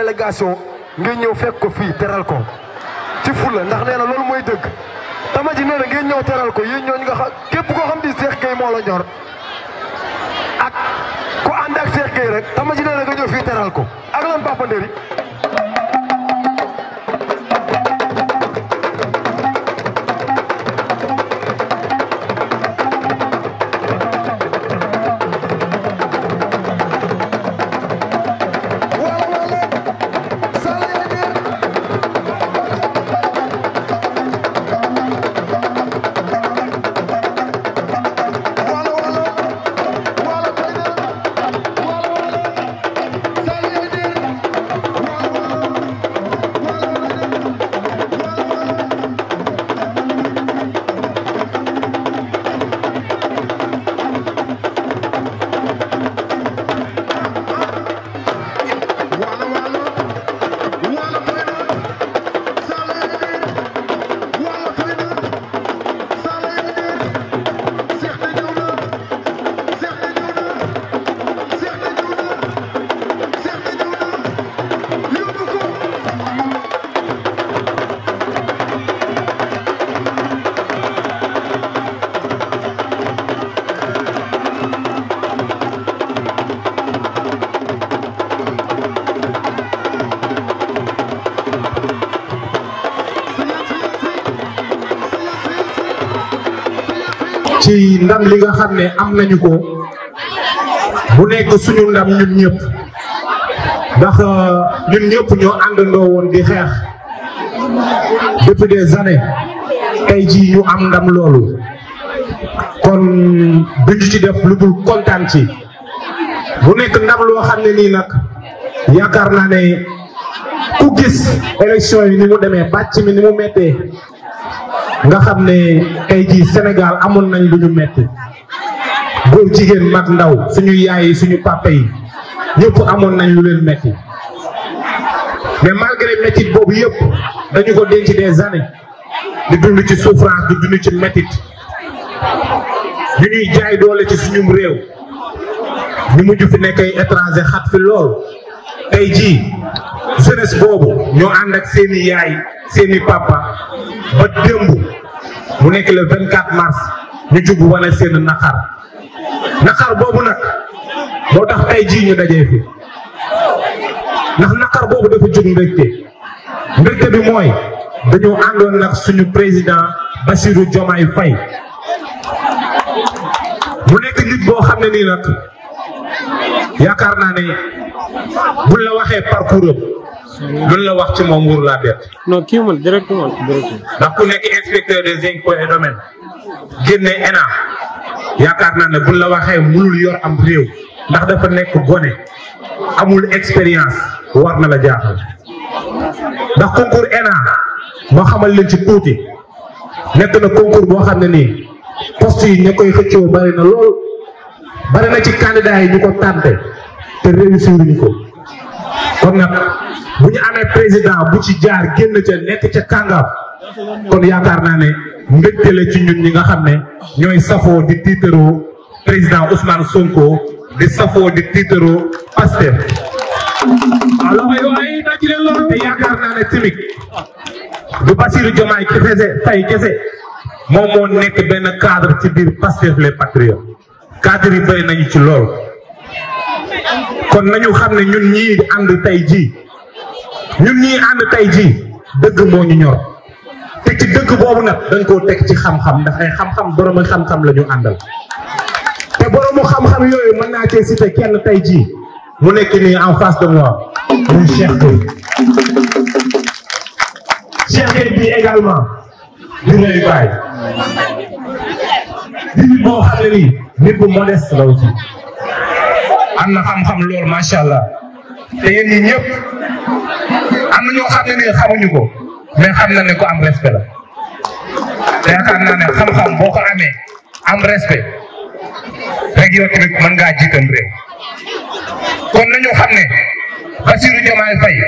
délégation ngeen ñëw fekk ko fii teral ko ci fula ndax nee na loolu mooy dëgg tama ji nee na ngeen ñëw teral ko yéen ñooñu nga xam képp koo xam di Cheikh Gueye moo la ñor ak ku ànd ak Cheikh Gueye rek tama ji nee na nga ñëw fii teral ko ak lan Papa Nderi ci ndam li nga xam ne am nañu ko bu nekk suñu ndam ñun ñëpp ndax euh, ñun ñëpp ñoo àndandoo woon di xeex depuis des années tey jii ñu am ndam loolu kon duñu ci def lu dul kontaan ci bu nekk ndam loo xam ne nii nag yaakaar naa ne ku gis élection yi ni mu demee bàcc mi ni mu mettee nga xam ne ay jii Sénégal amoon nañ lu ñu metti góor jigéen mat ndaw suñu yaay yi suñu papa yi ñëpp amoon nañ lu leen metti mais malgré métit boobu yëpp dañu ko denc des années di dund ci souffrance di dund ci métit ñu ñuy jaay doole ci suñum réew ñu mujj fi nekk ay étranger xat fi lool ay jii jeunesse boobu ñoo ànd ak seeni yaay seeni papa ba démb bu nekk le 24 mars ñu jug wane seen naqar naqar boobu nag boo tax tey jii ñu dajee fi ndax naqar boobu dafa jug mbégte mbégte bi mooy dañoo àndoon nag suñu président Bassirou Diomaye fay mu nekk nit boo xam ne nii nag yaakaar naa ne buñ la waxee parcours am luñ la wax ci moom wóor laa bett. non kii man directement directement. ndax ku nekk inspecteur des impôts et génne ENA yaakaar naa ne buñ la waxee mënul yor am réew ndax dafa nekk gone amul expérience war na la jaaxal ndax concours ENA moo xamal leen ci tuuti nekk na concours boo xam ne nii poste yi ña koy xëccoo bari na lool bari na ci candidat yi ñu ko tànte te réussir ñu ko kon nag. bu ñu amee président bu ci jaar génn ca nekk ca kàngam kon yaakaar naa ne mbégte la ci ñun ñi nga xam ne ñooy safoo di tiitaroo président Ousmane Sonko di safoo di tiitaroo Pastef te yaakaar naa ne tamit du Bassirou Diomaye kese Faye kese moom moo nekk benn cadre ci biir Pastef les patriotes cadre yi bëri nañu ci lool kon nañu xam ne ñun ñii ànd tey jii ñun ñi and tay ji deug mo ñu ñor te ci deug bobu nak dañ ko tek ci xam-xam ndax ay xam-xam borom xam-xam lañu andal àndal te boromu xam-xam yoy man na ci cité kenn tay ji mu nekk ni en face de moi un Cheikh Gueye Cheikh bi également di lay bay di nit boo xam ne nit bu modeste la aussi am na xam-xam lool machallah te yéen ñi ñëpp am na ñoo xam ne ne xamuñu ko mais xam na ne ko am respect la te yaakaar naa ne xam-xam boo amee am respect rek yow tamit mën ngaa jiitam réew kon nañu xam ne Bassirou Diomaye Faye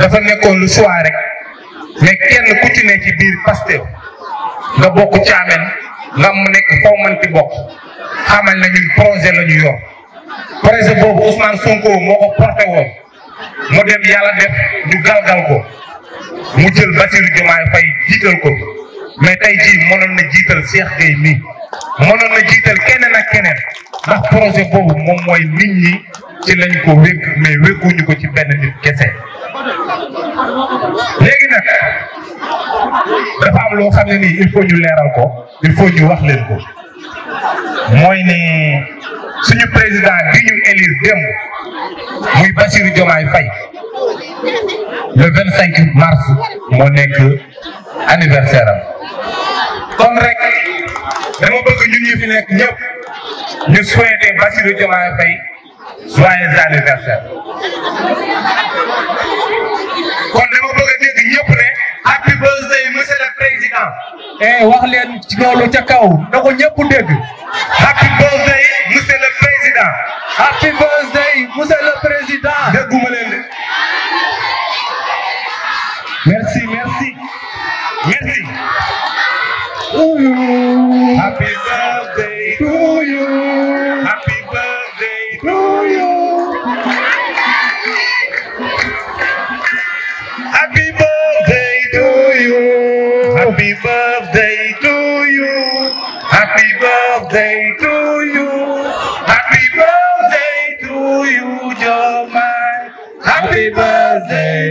dafa nekkoon lu choix rek nekk kenn ku ci ne ci biir Pastef nga bokk caamen nga mu nekk foo manti bokk xamal na ñun projet la ñu projet boobu Ousmane Sonko moo ko porté woon mu dem yàlla def ñu galgal ko mu jël Bassirou Diomaye Faye jiital ko mais tey jii mënoon na jiital Cheikh Gueye nii mënoon na jiital keneen ak keneen ndax projet boobu moom mooy nit ñi ci lañ ko wékk mais wékkuñu ko ci benn nit kese. léegi nag dafa am loo xam ne nii il faut ñu leeral ko il faut ñu wax leen ko mooy ni. suñu président bi ñu élire démb muy Bassirou Diomaye Faye le vingt cinq mars moo nekk anniversaire am rek dama bëgg ñu fi nekk ñëpp ñu souhaiter Bassirou Diomaye Faye joyeux anniversaire kon dama bëgg a dégg ñëpp ne happy birthday monsieur le président eh wax leen ci loolu ca kaw na ko ñëpp dégg happy birthday Happy birthday, vous êtes le président. Merci, merci. Merci. Ooh. Happy birthday to you. Happy birthday to you. Happy birthday to you. Happy birthday to you. Happy birthday to you.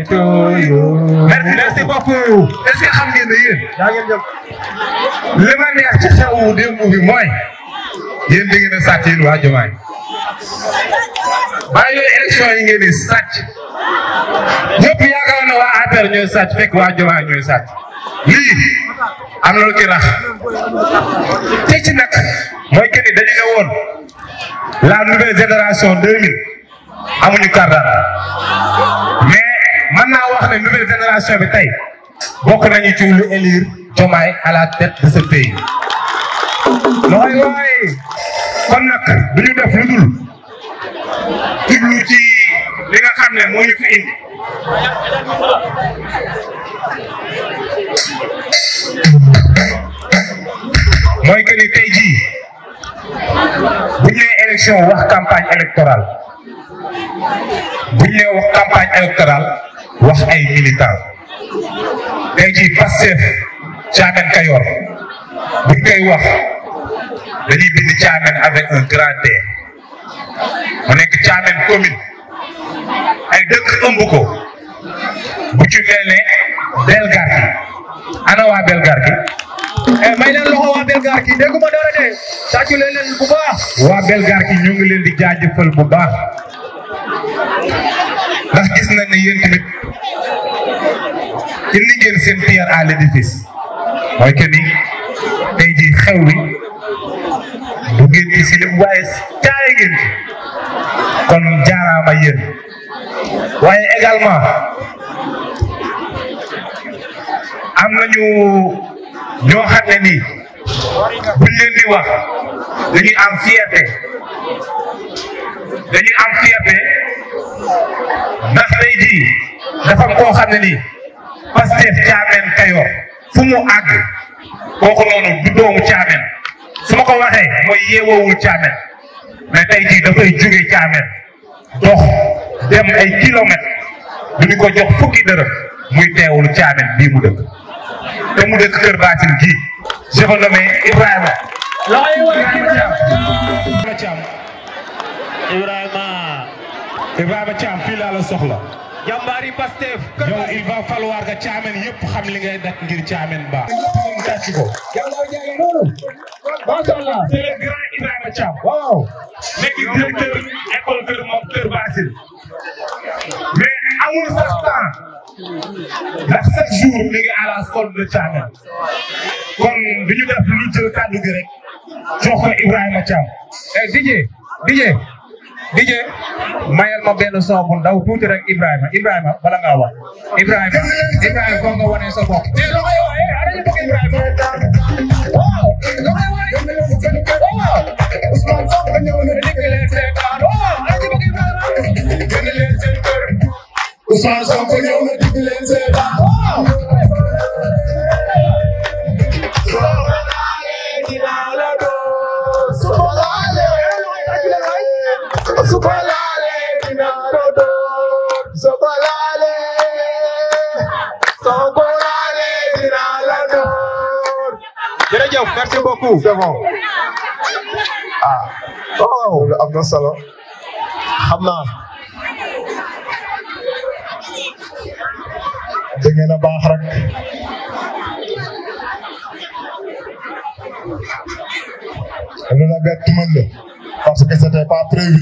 birthday to you. merci beaucoup est ce que xam ngeen ne yéen. yaa ngeen jëf. li ma neex ci xewu démb bi mooy. vous da ngeen a sàcc yéen waa Jomaay. bàyyi leen élection yi ngeen di sàcc. ñëpp yaakaar na waa APR ñooy sàcc fekk waa Jomaay ñooy sàcc. lii am na lu ci rax. te ci nag mooy que ni dañu ne la nouvelle génération 2000 amuñu carte d'identité mais man naa wax ne nouvelle génération bi tey bokk nañu ci lu élire Diomaye à la tête de ce pays. looy looy kon nag du ñu def lu dul jublu ci li nga xam ne moo ñu fi indi. mooy que ni tey jii bu ñu nee élection wax campagne électorale bu ñu nee wax campagne électorale. wax ay militant tey jii Pastef Thiamène Kayor buñ koy wax dañuy bind Thiamène avec un grand T mu nekk Thiamène commune ay dëkk ëmb ko bu ci mel ne Belgarki ana waa Belgarki eh, may leen loxo waa Belgarki dégguma dara de sàccu bu baax waa Belgarki ñu ngi leen di jaajëfal bu baax ndax gis nañ ne indi ngeen seen pierre à l'édifice mooy que ni tey jii xew bi du waaye caay ngeen ci kon jaaraama yéen waaye également am nañu ñoo xam ne nii buñ leen di wax dañuy am fierté dañuy am fierté ndax tey jii dafa am koo ne nii def caameen kayoor fu mu àgg kooku noonu du doomu caameen su ma ko waxee mooy yeewoowul caameen mais tey jii dafay jóge caameen dox dem ay kilomètres du ñu ko jox fukki dërëm muy teewul caameen bii mu dëkk te mu dëkk Kër Ibrahima. Ibrahima Thiam fii laa la soxla. jàmbaari Pastef. yow il va falloir que caamen yëpp xam li ngir caamen ba. tàcc ko. yàlla jaay noonu. macha allah. c' est le grand Ibrahima Thiam. waaw. nekk directeur école Kër Mom Kër Basile. mais amul sax temps. ndax chaque jour mi ngi à la solde de caamen. kon bi ñu def lu jël kàddu gi rek. jox ko Ibrahima Thiam. eh DJ DJ. DJ mayal ma benn son bu ndaw rek Ibrahima Ibrahima bala ngaa wax Ibrahima Ibrahima foog nga wane sa ko laalee dinañ ko dóor soo ko laalee merci beaucoup. c'est bon ah oh am na solo xam naa. a baax rek. lu la bett mën la parce que c'était pas prévu.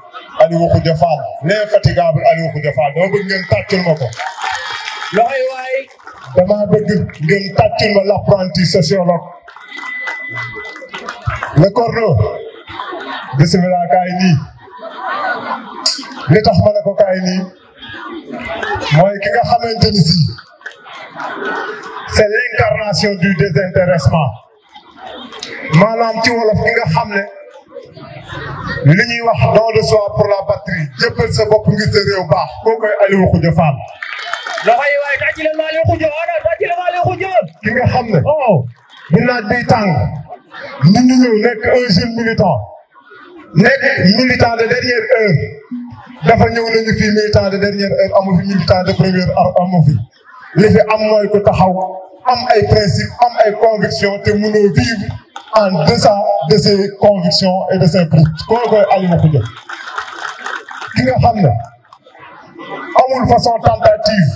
Aliou Khoudia Fall l'infatigable Aliou Khoudia Fall dama bëgg ngeen tàccul ma ko. loxo yi waay. dama bëgg ngeen tàccul ma l'apprenti sociologue. le corneau. Bismillah kaay nii. li tax ma ne ko kaay nii. mooy ki nga xamante si. c'est l'incarnation du désintéressement. maanaam ci wolof ki nga xam li ñuy wax don de soi pour la patrie jëppal sa bopp ngir sa réew baax koo koy Aliou Khoudia Fall. loxo yi waaye tàcc leen ma oh xam ne. Oh. bu biy tàng. nit ñi ñëw nekk un jeune militant. nekk militant de dernière heure. dafa ñëw nañu fii militant de dernière heure amu fi militant de première amu fi. li fi am mooy ku taxaw am ay principe am ay conviction te mënoo vivre. en deçà de ses convictions et de ses principes koo koy Aliou Koungheul façon tentative,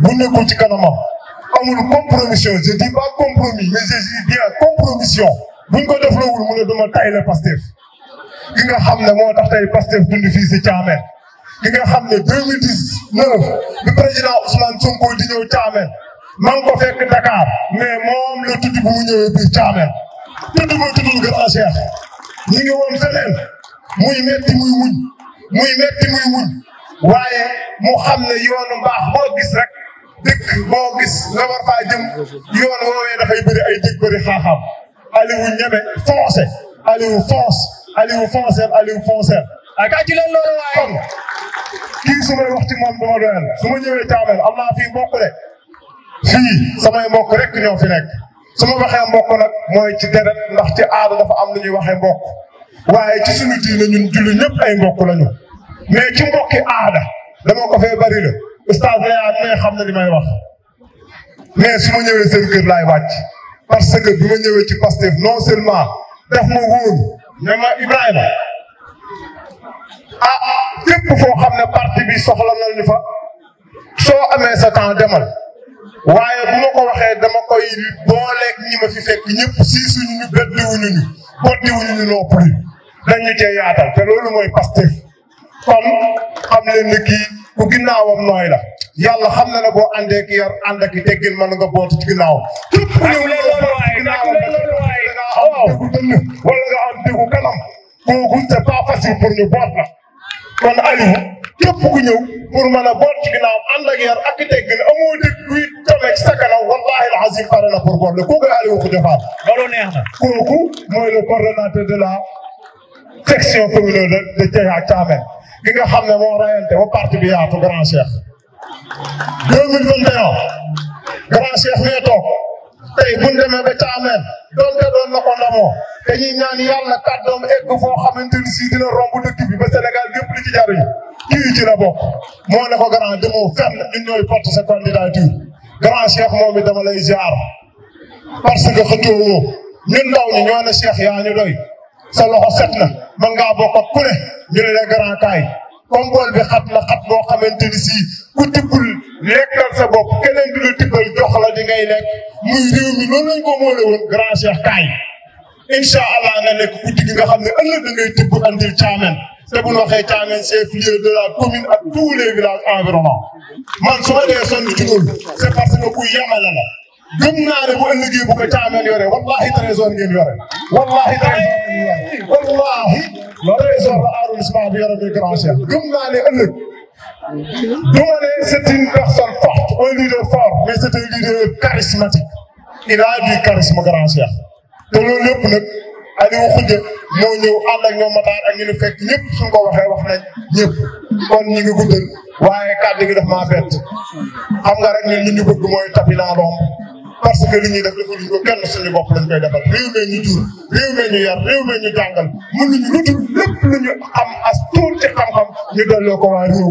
vous ne façon tentative bu compromission je ne dis pas compromis mais je dis bien compromission buñ ko ne Pastef ki nga xam ne tax ne 2019 le président Ousmane Sonko di chamel. Dakar mais moi, le tout bu mu ne chamel. kenn du ko tuddul grand cheikh ñu ngi woon feneen muy metti muy muñ muy metti muy muñ waaye mu xam ne yoonu mbaax boo gis rek dëkk boo gis la war faa jëm yoon woowee dafay bëri ay dëkk bëri xaaxaam Aliou ñeme foncé Aliou fonce Aliou foncer Aliou foncer ak ci leen loolu waaye kon kii su may wax ci moom dama doyal su ma ñëwee caamel am naa fii mbokk de fii samay mbokk rek ñoo fi nekk su ma waxee mbokk nag mooy ci deret ndax ci aada dafa am lu ñuy waxee mbokk waaye ci suñu diine ñun julli ñëpp ay mbokk lañu mais ci mbokki aada dama ko fee bari la ustaaz laa mais xam na li may wax mais su ma ñëwee seen lay laay parce que bi ma ñëwee ci Pastef non seulement daf ma wóor ne ma Ibrahima ah fépp foo xam ne parti bi soxla na ñu fa soo amee sa temps demal. waaye bu ma ko waxee dama koy booleeg ñi ma fi fekk ñëpp siisuñu ñu beddiwuñu ñu boddiwuñu ñu non plus dañu cee yaatal te loolu mooy Pastef kon xam leen ni kii ku ginnaawam nooy la yàlla xam na ne boo àndee ki yar ànd ak i teggin mën nga boot ci ginnaawam. képp ku ñëw loolu waaye wala nga am déggu kanam kooku c'est pas facile pour boot la kon Aliou. képp ku ñëw pour mën a boot ci ginnaawam ànd ak yar ak teggin amoo nit kuy toleeg sa kanam wallahi alazim pare na pour boole kooku Aliou Khoudia Fall. loolu neex na. kooku mooy le coordonnateur de la section communale de de Dieya Thiamène ki nga xam ne moo rayante ba parti bi yaatu grand cheikh. 2021 grand cheikh nee toog tey bu ñu demee ba Thiamène donte doon na ko ndamoo dañuy ñaan yàlla kàddoom egg foo xamante ni si dina romb dëkk bi ba Sénégal yëpp li ci jariñ kii ci la bokk moo ne ko grand demoo fenn ñun ñooy porte sa candidature grand cheikh moom it dama lay ziar parce que xëccoo woo ñun ndaw ñi ñoo ne cheikh yaa ñu doy sa loxo set na mën ngaa bokk ak ku ñu ne la grand kaay comme bi xat na xat boo xamante ni sii ku tibbul lekkal sa bopp keneen du la tibbal jox di ngay lekk muy réew mi loolu lañ ko moole woon grand cheikh kaay allah nga nekk guddi gi nga xam ne ëllëg da ngay tibb andil caamen te bu ñu waxee Thiamène c'est fier de la commune à tous les villages environnants man su ma dee sonn ci loolu c'est parce que ku yemale la gëm naa ne bu ëllëgee bu ko Thiamène yore wallahi trésor ngeen yore wallahi trésor ngeen yore wallahi trésor la arrondissement bi yore bi grand chef gëm naa ne ëllëg du ma ne c'est une personne forte un leader fort mais c'est un leader charismatique il a du charisme grand chef te loolu lépp Aliou Khoudia moo ñëw ànd ak ñoom Matar ak ñu nu fekk ñëpp suñ ko waxee wax nañ ñëpp kon ñu ngi guddal waaye di gi daf maa bett xam nga rek ñun li ñu bëgg mooy tapis dans l'ombre parce que li ñuy def defuñu ko kenn suñu bopp lañ koy defal réew mee ñu jur réew mee ñu yar réew mee ñu jàngal mënuñu lu dul lépp lu ñu am as tuuti xam-xam ñu delloo ko waa réew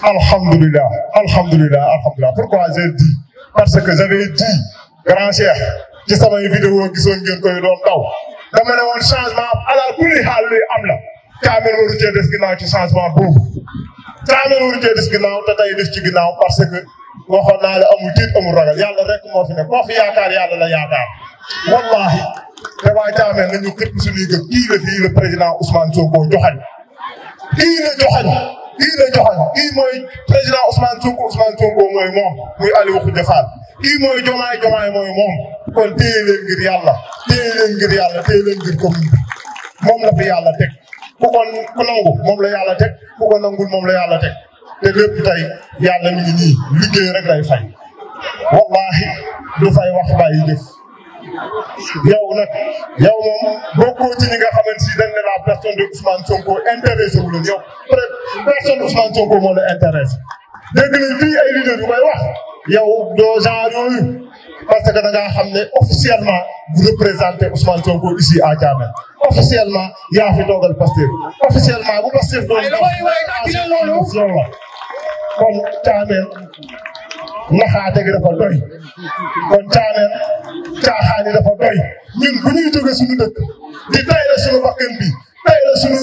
Alhamdulillah, Alhamdulillah, Alhamdulillah. Pourquoi j'ai dit Parce que j'avais dit, grand cher, qui savent les vidéos qui sont bien connues dans le temps. Dama ne woon changement ala kulli xaal luy am la. Kaamil waru cee des ginnaaw ci changement boobu. Kaamil waru cee des ginnaaw te tey des ci ginnaaw parce que waxoon naa la amul tiit amul ragal yàlla rek moo fi ne koo fi yaakaar yàlla la yaakaar. wallahi te waaye Thiamène nañu képp suñuy gëm kii la fii le président Ousmane Sonko joxañ kii la kii la joxoon kii mooy président Ousmane Sonko Ousmane Sonko mooy moom muy Aliou Khoudia Fall kii mooy Diomaye Diomaye mooy moom kon téye ngir yàlla téye ngir yàlla téye ngir commune moom la fi yàlla teg ku ko ku nangu moom la yàlla teg ku ko nangul moom la yàlla teg te lépp tey yàlla mi ngi nii liggéey rek lay fay wallahi du fay wax bàyyi jëf yow nag yow moom bokkoo ci ñi nga xamante ni dañ ne de Ousmane Sonko intéressé wu leen yow personne Ousmane Sonko moo intéressé dégg nañ fii ay leader wax yow doo genre yooyu parce que da ngaa xam ne officiellement vous représentez Ousmane Sonko ici à Diamé officiellement yaa fi toogal Pastef officiellement bu Pastef doon kon naxaate gi dafa doy kon caaneen caaxaan yi dafa doy ñun bu ñuy jóge suñu dëkk di tay la suñu bakkan bi tay la suñu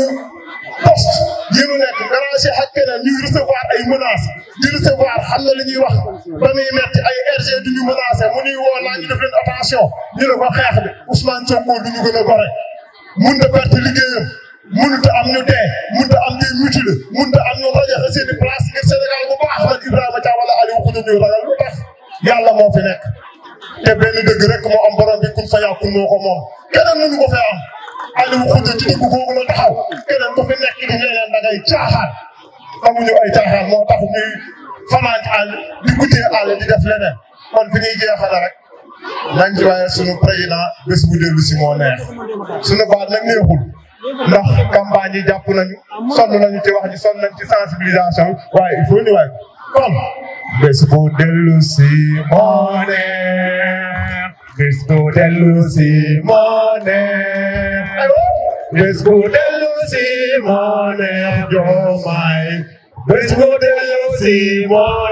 poste yi ñu nekk garantie ak keneen ñuy recevoir ay menaces di recevoir xam na li ñuy wax ba muy ay RG du ñu menacer mu ñuy woo naa ñu def leen attention ñu ne xeex bi Ousmane Sonko du ñu gën a gore mun na perte liggéeyam mënut a am ñu dee mënut a am ñuy mutilé mënut a am ñu place ngir Sénégal bu baax man Ibrahima Dia wala Aliou ku ñu ñuy ragal moo fi nekk. te benn dëgg rek moo am borom kun fa yàqun moo ko moom keneen mënu ko fee am Aliou Khoudia ci dëgg googu la taxaw keneen ku fi nekk di leneen da ngay ay caaxaan moo tax ñuy fanaan àll di guddee àll di def leneen kon fi ñuy jeexale rek nañ ci waaye sunu président bés bu dellu si moo neex sunu baat nag neexul. ndax campagne yi jàpp nañu sonn nañu ci wax ji sonn nañu ci sensibilisation waaye il faut ñu waay kon bés bu dellu si moo ne bés bu dellu si moo bés bu dellu si moo bés bu dellu si moo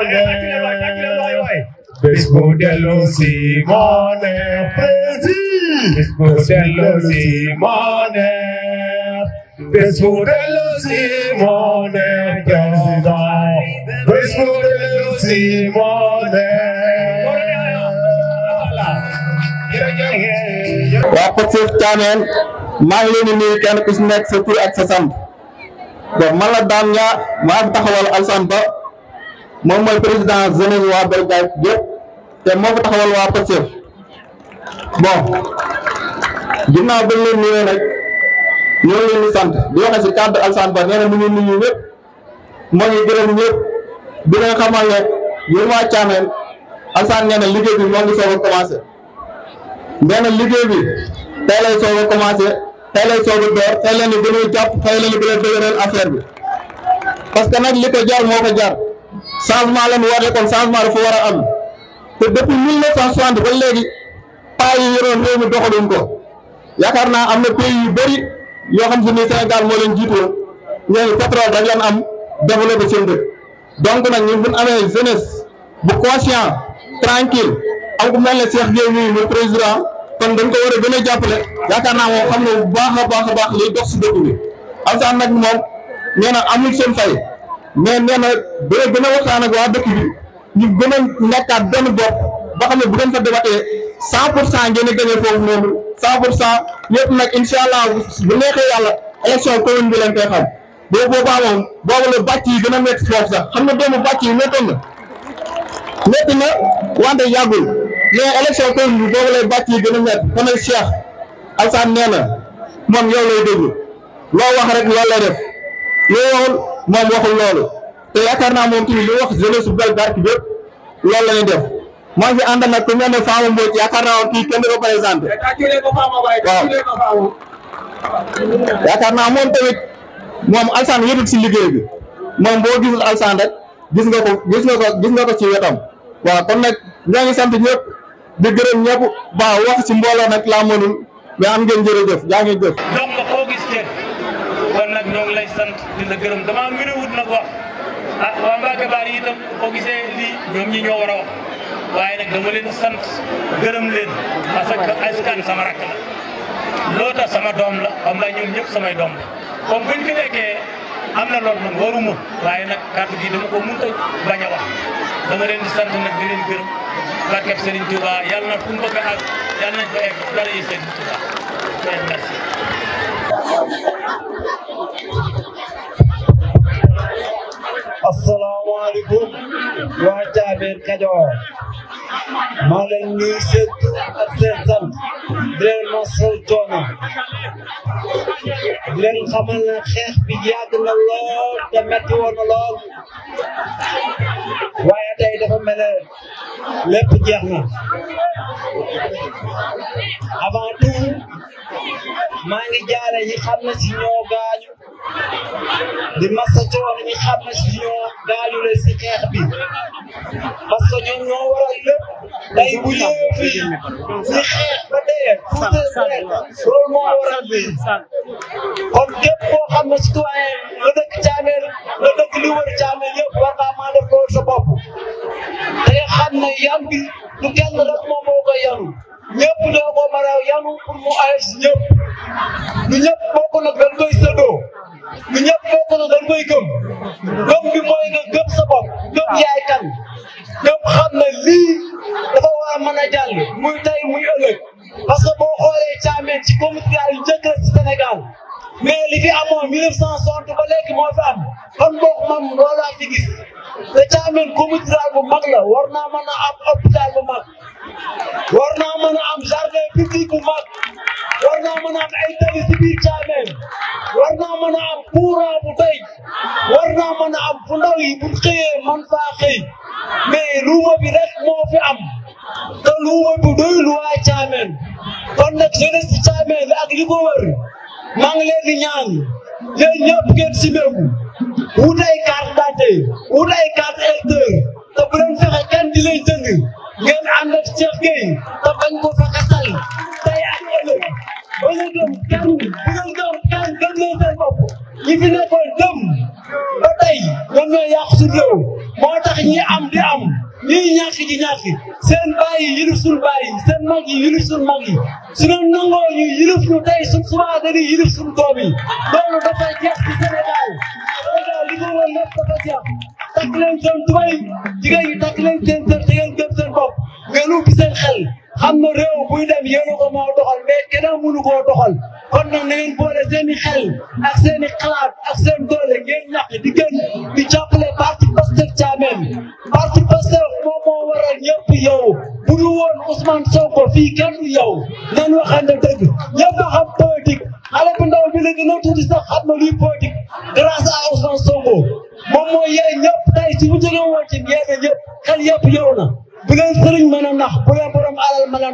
Bés bu dellu si moo bés bu dellu si moo Без modelos Simone, Jehová. Без modelos Simone. Cooperative Channel maa ngi leen di nuyu kenn ku si nekk sa tur ak sa sant bon man la Dame Nia maa ngi taxawal Alassane Ba moom mooy président jeunesse waa Belgaïde yëpp te moo fa taxawal waa Pastef ñoo ngi leen di sant di waxe si cadre Alassane Ba nee na mu ngi nuyu ñëpp moo ngi gërëm ñëpp di leen xamal ne yéen waa Thiamène Alassane nee liggéey bi moo ngi soog a commencé nee liggéey bi tey lay soog a commencé tey lay soog a door tey leen di gën a leen di gën a nag li ko jar moo ko changement la ñu woote kon changement war a am te depuis mille neuf cent soixante ba léegi paa yi yoroon réew ko yaakaar naa am na pays yu yoo xam si ni Sénégal moo leen jiitoo ñooñu pétrole dañ leen am développé seen dëkk donc nag ñun bu ñu amee jeunesse bu conscient tranquille am ku mel ne Cheikh Gueye mii mu président kon dañ ko war a gën a jàppale yaakaar naa moom xam ne bu baax a baax a baax liy dox si dëkk bi alsaan nag moom nee na amul seen fay mais nee na dina gën a waxtaan ak waa dëkk bi ñu gën a nekkaat benn bopp ba xam ne bu ngeen fa débattee cent pour cent ngeen di gagné foofu noonu cent pour cent yëpp nag incha allah bi lañ koy xam boobu boobaa moom boobu yi gën a métti foofu sax xam nga doomu bàcc yi méttoon na na wante yàggul mais élection commune bi boobu gën a métti kon nag Cheikh Alassane na moom yow lay déglu loo wax rek loolu lay def loo moom waxul loolu te yaakaar naa moom tamit li wax jeunesse su Gueule Tapée bépp loolu la ñuy def. maa ngi àndal nag ku mel ne Fama Mbodj yaakaar naa yaakaar naa moom tamit moom Alassane yëngu si liggéey bi moom boo gisul Alassane rek gis nga ko gis nga ko nga ci wetam waaw kon nag ñoo ngi sant ñëpp di gërëm ñëpp ba wax si mbooloo nag laa mënul mais am ngeen jërëjëf jaa ngeen jëf. donc koo gis ceeb kon nag ñoo lay sant di la gërëm damaa mën a wut nag wax ah waa Mbacke Bari itam boo gisee lii ñoom ñi ñoo war waaye nag dama sant gërëm leen parce que askan sama rakk la loo tax sama doom la xam naa ñoom ñëpp samay doom la comme buñ fi nekkee am na loolu nag waruma waaye nag kàddu gi dama ko mënut a bañ a leen di sant nag di leen gërëm barkeb Serigne Touba yàlla na fu mu bëgg a àgg yàlla nañ fa egg dara yi Serigne Touba merci. asalaamaaleykum waa Caaber Kajoor Malenlyset الثرثم بلين مصر تونا بلين خمالنا خيخ بياد الله دمت وانا الله وايا تاي دفا ملا لب جاهنا avant tout maa ngi jaale ñi xam na si ñoo gaañu di masajoo ni ñu xam ne si ñoo gaañu la si xeex bi parce que ñoom ñoo waral lépp tey bu ñëwee fii si xeex ba dee fuute loolu moo waral lii kon képp koo xam ne citoyen la dëkk Thiamène la dëkk li wër Thiamène yëpp war naa maa def loolu sa bopp te xam ne yan bi du kenn rek moom moo koy yanu ñëpp doo ko mën a yanu pour mu aay si ñëpp du ñëpp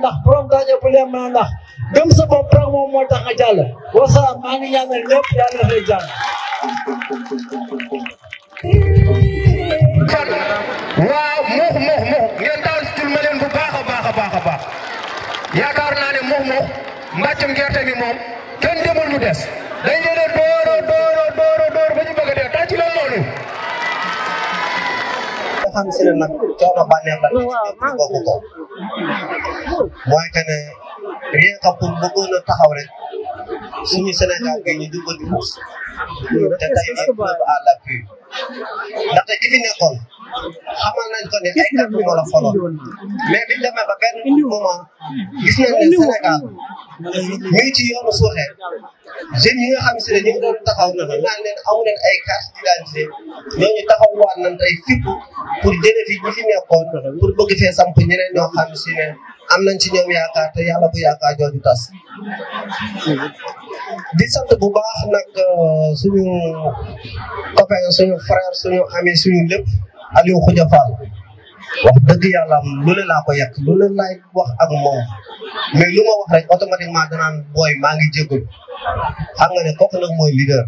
ndax borom da bu leen ma ndax gëm sa bop rek moom mo tax nga jall wa sa ma ngi ñaanal ñëpp yalla na fay jàll. waaw mo mo muux ngeen daal ci ma leen bu baaxa baaxa baaxa baax yaakar na ne mo mo mbàccum gerte mi mom kenn demul mu dess dañ leen a dooro dooro dooro dooro ba ñu bëgg a ta ci leen loolu. xam si nak nag coono bànneex la. ko ko ngi Kapoor bëggoon a taxaw rek suñu Sénégal kay ñu jubbanti ko te tey ay preuve à l'appui ndaxte ki fi nekkoon xamal nañ ko ne ay kàddu moo la foloon mais biñ demee ba benn moment gis nañ ne Sénégal ñu ngi ci yoonu suuxee jeunes yi nga ñu ngi doon taxaw na naan leen amu leen ay carte d'identité ñooñu taxaw waat nañ tey fipp pour jëlee fi ñi fi nekkoon pour bëgg fee samp ñeneen ñoo am nañ ci ñoom yaakaar te yàlla bu yaakaar jooju tas di sant bu baax nag euh, suñu copain suñu frère suñu ami suñu lépp Aliou Khoudia Fall wax dëgg yàlla lu ne laa ko yàq lu ne laay wax ak moom mais lu wax rek automatiquement danaan booy maa ngi jégalu ne kooku nag mooy leader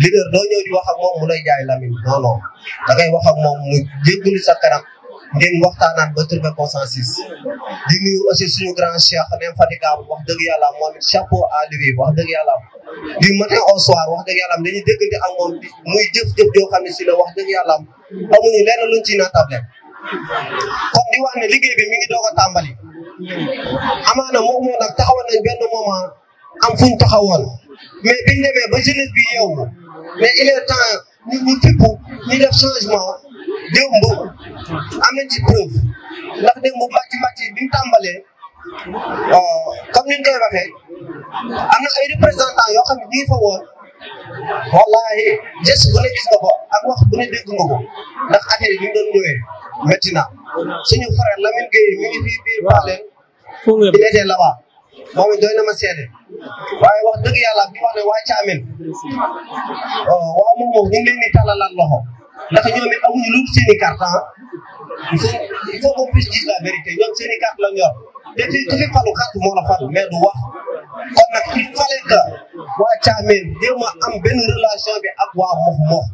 leader doo ñëw di wax ak moom mu lay lamin non non wax ak moom mu jégalu ngeen waxtaanaan ba trouver consensus di nuyu aussi suñu grand cheikh l'infatigable wax dëgg yàlla moom it chapeau à lui wax dëgg yàlla du matin au soir wax dëgg yàlla dañuy déggante ak moom muy jëf-jëf joo xam ne si la wax dëgg yàlla amuñu lenn luñ ci naatable kon di wax ne liggéey bi mi ngi doog a tàmbali amaana moom moo nag taxawoon nañ benn moment am fuñ taxawoon mais biñ demee ba jeunesse bi yeewu mais il est temps ñu ñu fippu ñu def changement démb am nañ ci preuve ndax démb màcc màcc bi mu tàmbalee comme ni ñu koy waxee am na ay représentant yoo xam fa woon wallahi gës bu ne gis nga ak wax bu ne dégg nga ndax affaire yi ñu doon ñëwee métti na suñu frère Lamine Gueye mi ngi fii biir wax dëgg yàlla bi wax ne waa parce que ñoom it lu seen i carte ah il faut il la vérité ñoom seen i carte la ñor falu carte moo la falu mais du wax kon nag il fallait que waa a am benn relation bi ak waa Mof Mof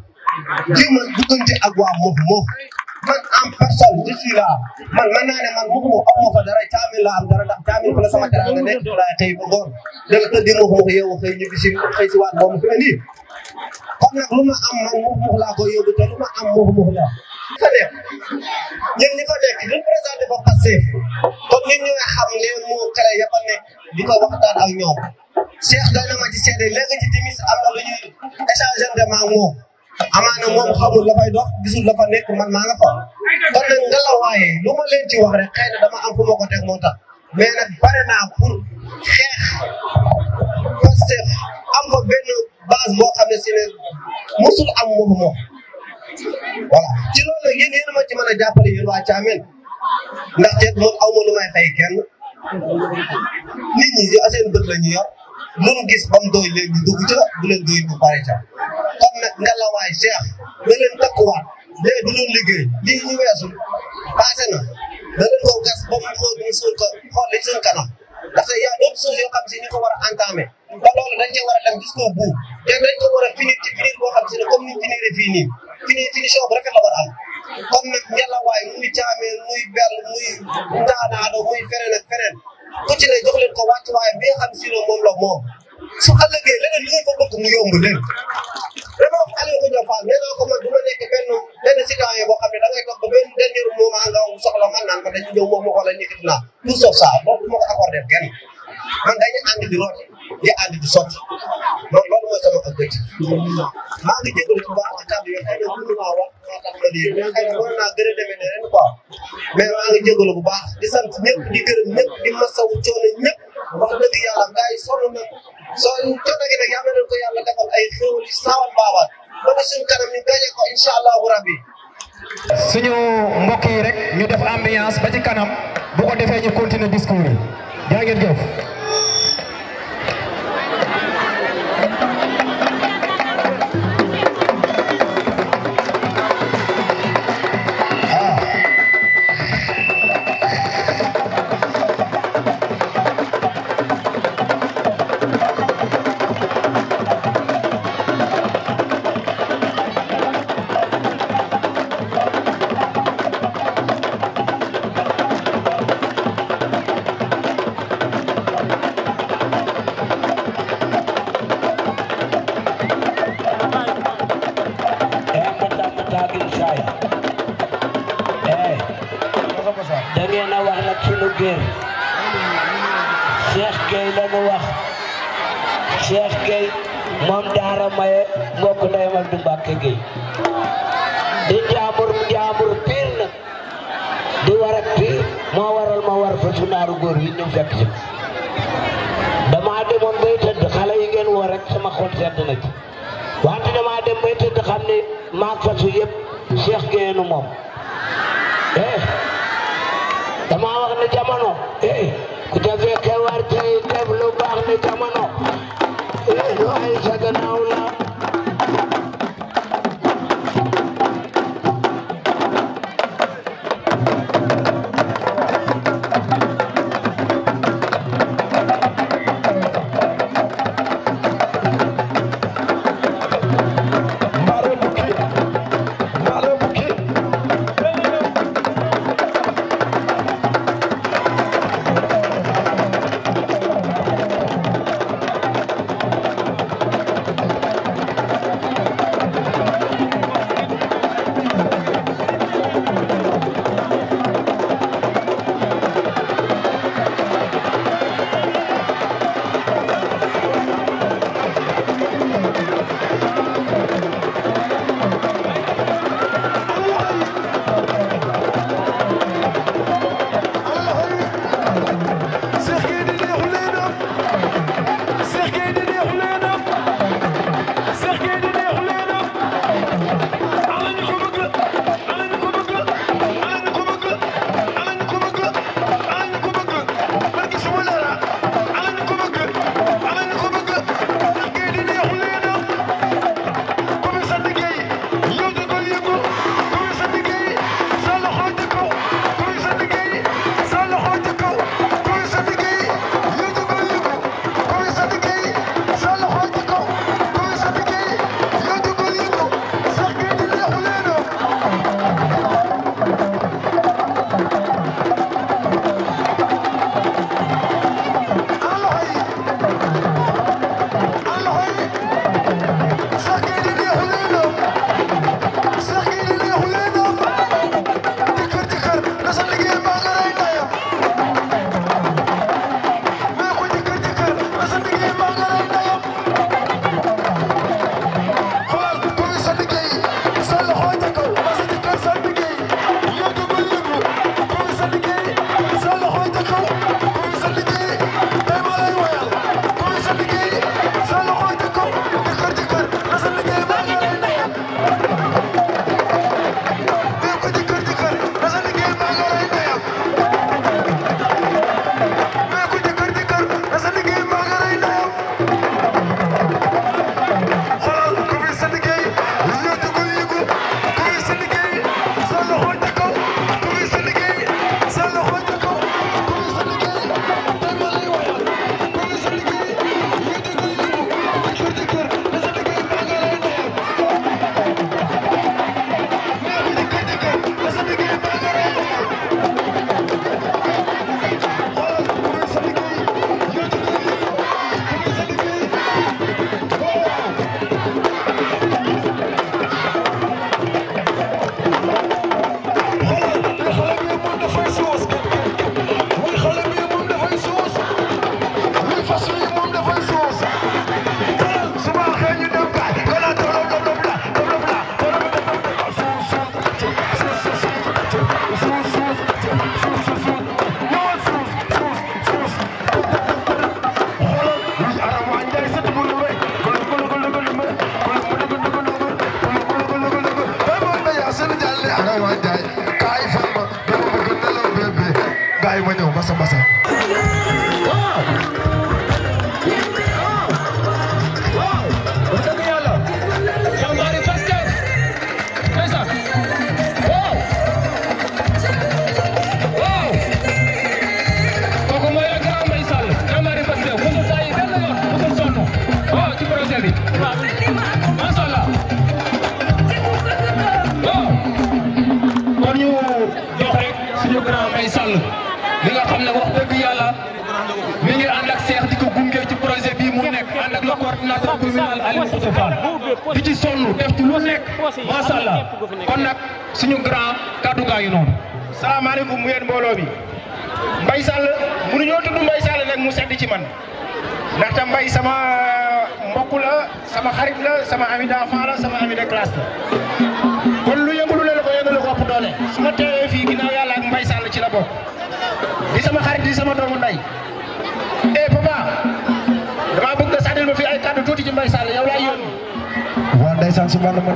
jéem a duggante ak waa Mof Mof. man am personne je man man ne man muxumu amoo fa dara caamil la am dara ndax caamil fa la sama teranga nekk laa xëy ba ngoon dama tëddi muxumux yow xëy ñu bisi xëy si waat moom fi ne kon nag lu am man muxumux laa koy yóbbu te lu ma am muxumux laa fa nekk ñun ñi fa nekk ñu présenté ko passif kon ñun ñoo xam ne moo kale ya fa nekk di waxtaan ak ñoom Cheikh doy ma ci seede léegi ci timis am na lu ñuy échange de maag moom amaana moom xamul la fay gisul la fa man maa fa kon nag nga la waaye lu dama am fu ma ko teg moo tax bare naa pour xeex Pastef am fa benn base boo ne si ne musul am moom moom voilà ci loolu a ma ci mën a jàppale yéen waa Thiamène ndaxte moom aw ma lu may fay kenn nit ñi gis ba mu doy leen ñu kon nag ngalawaay Cheikh na leen takkuwaat léegi du ñu liggéey lii ñu weesu passé na ko gas ba mu xóot ñu suul ko xool li suñ kanam ndaxte y a d'autres choses ko war a ba loolu dañ cee war a dem jusqu'au bout te dañ ko war a finir ci finir boo xam comme ni ñu finiré fii finir finition bu la war a am kon nag ngelawaay muy caamee muy bel muy ndaanaado muy feneen ak feneen ci ne jox ko wàccuwaay bi nga xam moom la su a leneen li ko bëgg mu yomb leen dama wax Aliou Ngoudia Fall nee naa ko man du ma nekk benn benn citoyen boo xam ne da ngay toog dañu ñëw moo ko la ñëkkati naa tout sauf ça loolu du ko accordé kenn man dañu ànd di rooti di ànd di sotti donc loolu mooy sama objectif maa ngi jégalu bu baax ci yi xëy na maa wax maa tax ma lii mais xëy na mën naa a maa ngi jégalu bu di sant ñëpp di gërëm ñëpp di masawu coono ñëpp wax dëgg yàlla gars yi sonn soo jot a gis yàlla nañu ko yàlla defal ay xéwal yu sawal baawaat ba ne suñu kanam ñu gañe ko incha allahu rabbi. suñu mbokk yi rek ñu def ambiance ba ci kanam bu ko defee ñu continuer discours yi jaa ngeen jëf.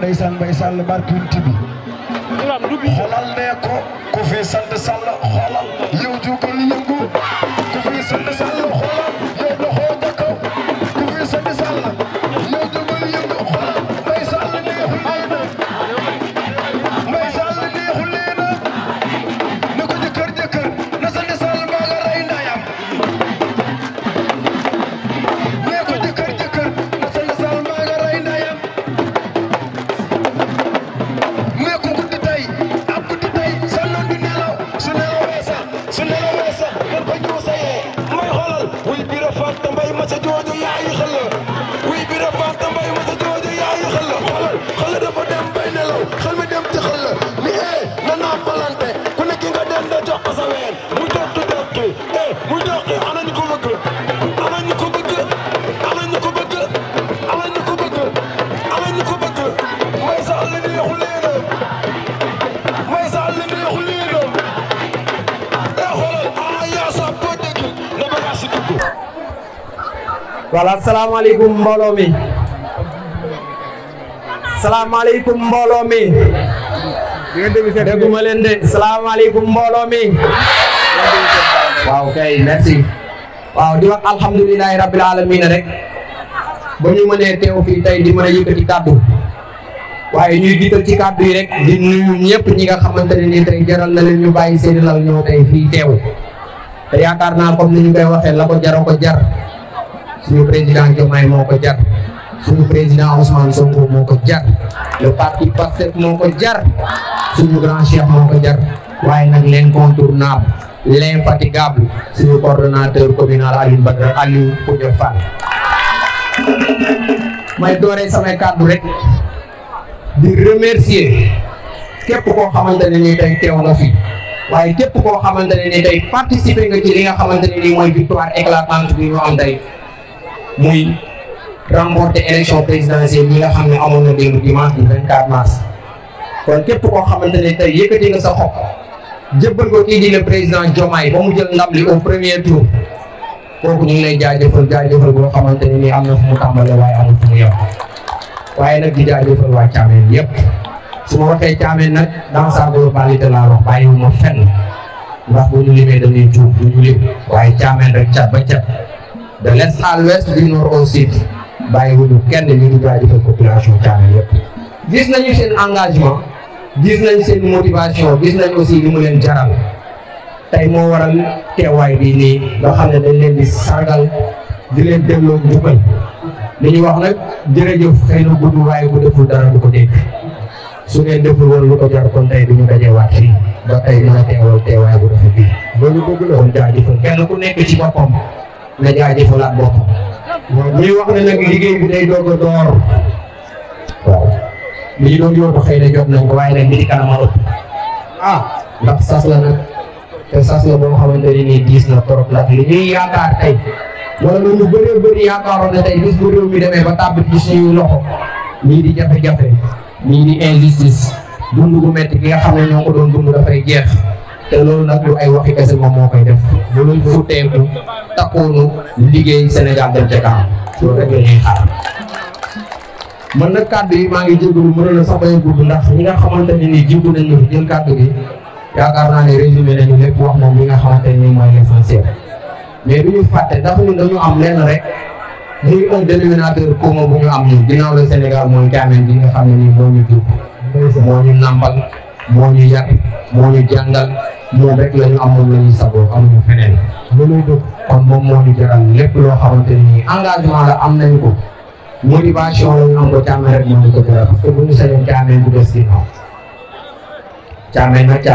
ndeysaan Mbaye Sall barki bi voilà salaamaaleykum mbooloo mi salaamaaleykum mbooloo mi dégguma leen de salaamaaleykum mbooloo mi waaw kay merci waaw di wax alhamdulilahi rabbil alamin rek ba ñu mënee teew fii di mën a yëkkati kàddu ñuy jiital ci kàddu yi rek di nuyu ñëpp ñi nga xamante ne nii tey jaral na leen ñu bàyyi seeni lal ñoo tey fii teew te yaakaar comme ni ñu koy waxee la ko jaro jar suñu président Diomaye moo ko jar suñu président Ousmane Sonko moko jar le parti Pastef moko jar suñu grand chef moo ko jar waaye nag l'incontournable l'infatigable suñu coordinateur communal Aliou badra Aliou Koundiack Fall may doore sama cadeau rek di remercier kep ko xamante ni tay tew na fi waye kep ko xamante ni tay participer nga ci li nga xamante ni moy victoire éclatante bi ñu am tay muy remporter élection présidentielle yi nga xam ne amoon na démb dimanche du 24 mars. kon képp koo xamante ne tey yëkkati nga sa xob jëbbal ko kii di président Diomaye ba mu jël ndam li au premier tour kooku ñu ngi lay jaajëfal jaajëfal boo xamante ne nii am na fu mu waaye amul fu mu waaye nag di jaajëfal waa Thiamène yëpp su ma waxee Thiamène nag dans sa globalité laa wax bàyyiwuma fenn ndax bu ñu limee dañuy bu ñu waaye Thiamène rek cat ba cat. de l'est à l'ouest du nord au sud bàyyiwuñu kenn ñu ngi jaajëfal population Thiamène yëpp gis nañu seen engagement gis nañ seen motivation gis nañ aussi li mu leen jaral tey moo waral teewaay bi nii nga xam ne dañ leen di sargal di leen dégloo njukkal li ñu wax nag jërëjëf xëy na gudd waaye bu deful dara du ko dégg su ngeen deful woon lu ko jar kon tey du ñu dajewaat fii ba tey mën a teewal teewaay bu rafet bi loolu dëgg la kon jaajëfal kenn ku nekk ci boppam na jaajëfalaat boppam waaw muy wax ne nag liggéey bi day doog a door waaw li ñu doon yóbbu xëy na jot na ko waaye nag li ci kanam ah ndax sas la nag te sas la boo xamante ne ni diis na trop ndax li ñuy yaakaar tey wala lu bëree bëri yaakaaroon na tey bis bu réew demee ba tàbbi ci suñuy loxo ñii di jafe-jafe ñii di injustice dund gu metti gi ñoo ko doon dund dafay jeex. te loolu nag du ay waxi kese moom moo koy def lu luñ futteeku takkoonu liggéey Sénégal dem ca kanam loolu rek man nag kàddu yi maa ngi jégalu mënoon a sax bañ a gudd ndax ñi nga xamante nii jiw kàddu gi yaakaar naa ne résumé nañu lépp wax moom li nga xamante ne nii mooy mais du ñu fàtte ndax ñun dañu am lenn rek muy un dénominateur commun bu ñu am ñun ginnaaw la Sénégal mooy caameen bi nga xam ne nii moo ñu jub moo ñu nàmpal moo ñu yar moo ñu jàngal. moom rek la ñu amoon la ñuy sagoo amuñu feneen looluy dëgg kon moom moo ñu jaral lépp loo xamante ni engagement la am nañ ko motivation la ñu am ko caamee rek moo ñu ko jaral parce que bu ñu sañoon caamee bu des ginnaaw caamee rek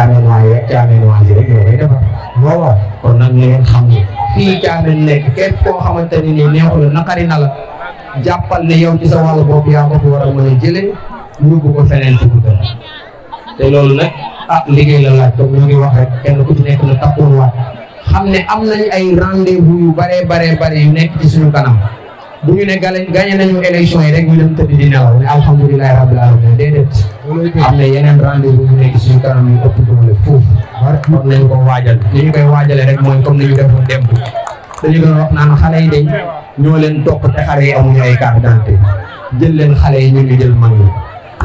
ni nii neexul naqari na la jàppal ne yow ci ah liggéey la laaj comme ñu ngi wax rek nekk na takkuwoon yu bare bare bare yu nekk ci suñu kanam bu ñu ne gagné nañu élection yi rek ñu dem tëdd di nelaw ne alhamdulilahi rabbil alamin déedéet am na ci suñu kanam yu ëpp doole foofu kon nañu ko waajal li ñu koy waajale rek mooy comme ni ñu defoon démb dañu doon wax naan xale yi dañ ñoo leen topp te xale yi amuñu ay carte d'identité jël leen xale yi ñu ngi jël mag yi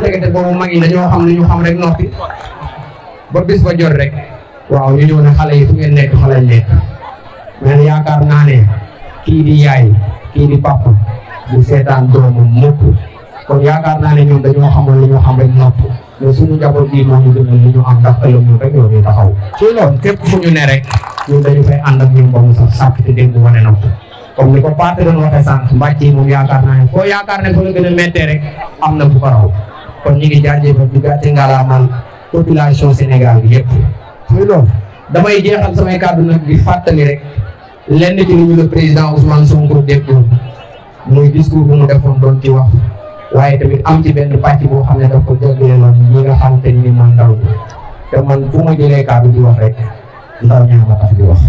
léegi te boobu mag yi dañoo xam li ñu xam rek noppi ba bis ba jor rek waaw ñu ñëw na xalé yi fu ngeen nekk fa lañ nekk mais yaakaar naa ki di yaay ki di papa bu seetaan doomam mukk kon yaakar naa ne ñoom dañoo xamoon li ñu xam rek nopp mais suñu jabo bii mo ñu gënal ñu am ndax ëllëg ñu rek ñoo ñu taxaw ci loolu képp fu ñu ne rek ñu dañu fay and ak ñoom ba mu sax sàpp te dégg wone nopp comme ni ko paate doon waxe sànq mbacci yi yaakar yaakaar naa ne foo yaakaar ne fa la gën a rek amna bu ko raw kon ñi ngi jaajé jaajëfal di gàcce ngalaamaal population Sénégal bi yëpp damay jeexal samay kàddu nag di fàttali rek lenn ci li ñu le président Ousmane Sonko déggoon muy discours bu mu defoon doon ci wax waaye tamit am ci benn pàcc boo xam ne daf ko jagleeloon ñi nga xam te ni man ndaw bi ma jëlee kàddu wax rek ndaw ma tax di wax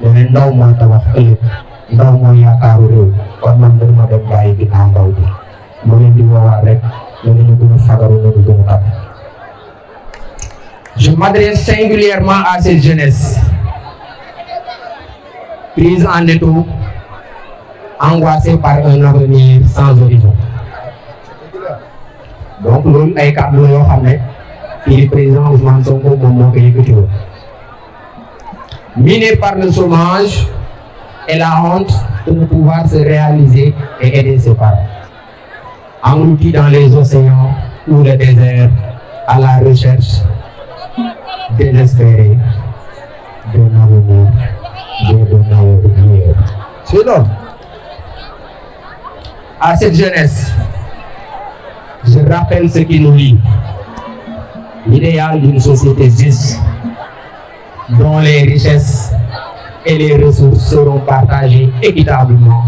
leneen ndaw mooy mooy yaakaaru réew kon man dama dem bàyyi ginnaaw ndaw bi mu leen di woowaat rek ñu ne ñu gën a fagaru ñu gën a tàpp Je m'adresse singulièrement à cette jeunesse, prise en étau, angoissée par un avenir sans horizon. donc nous ay les yoo xam il est présent au moment miné par le chômage et la honte de ne pouvoir se réaliser et aider ses parents. englouti dans les océans ou le désert à la recherche désespéré de de de d'un C'est donc, À cette jeunesse, je rappelle ce qui nous lie. L'idéal d'une société juste, dont les richesses et les ressources seront partagées équitablement.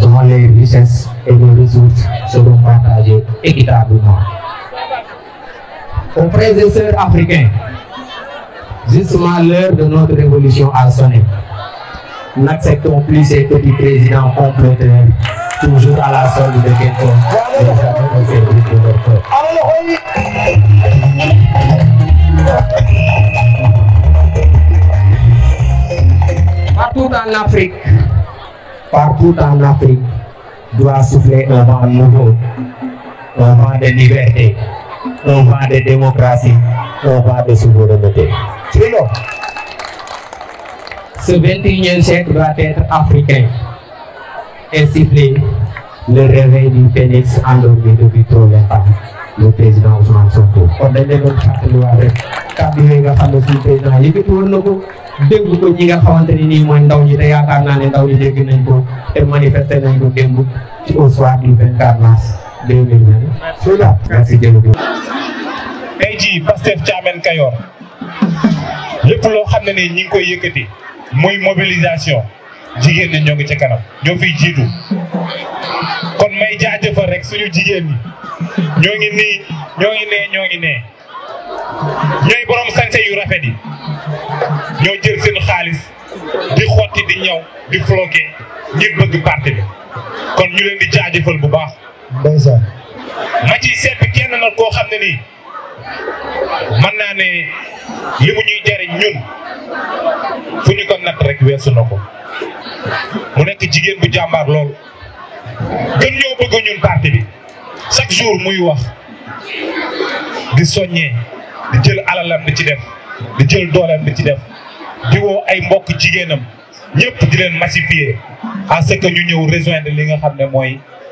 Dont les richesses et les ressources seront partagées équitablement aux frères et sœurs africains. Justement, l'heure de notre révolution a sonné. N'acceptons plus ces petits présidents comploteurs, toujours à la solde de quelqu'un, Partout en Afrique, partout en Afrique, doit souffler un vent nouveau, un vent de liberté, un pas de démocratie, un pas de souveraineté. Ce 21e siècle doit être africain et siffler le réveil du phénix endormi depuis trop longtemps. le président Ousmane Sonko kon dañ leen doon fàttaliwaat rek kàddu yooyu nga xam ne suñu président yëkkati woon na ko dégg ko ñi nga xamante ne nii mooy ndaw ñi te yaakaar naa ne ndaw ñi dégg nañ ko te manifester ko démb ci au soir du 24 mars. Voilà, merci beaucoup. tey jii Pastef Thiamène Kayor lépp loo xam ne ni ñi ngi koy yëkkati muy mobilisation jigéen ñi ñoo ngi ci kanam ñoo fiy jiitu kon may jaajëfal rek suñu jigéen ñi ñoo ngi nii ñoo ngi nee ñoo ngi nee ñooy borom sañse yu rafet yi ñoo jël seen xaalis di xotti di ñëw di floqué ngir bëgg parti bi kon ñu leen di jaajëfal bu baax. ndeysaan ma ci seet kenn nag koo xam ne nii mën naa ne li mu ñuy jariñ ñun fu ñu ko natt rek weesu na mu nekk jigéen bu jàmbaar lool gën ñoo bëgg ñun parti bi chaque jour muy wax di soññee di jël alalam di ci def di jël dooleem di ci def di woo ay mbokk jigéenam ñëpp di leen massifier à ce que ñu ñëw rejoindre li nga xam ne mooy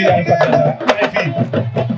Enfim.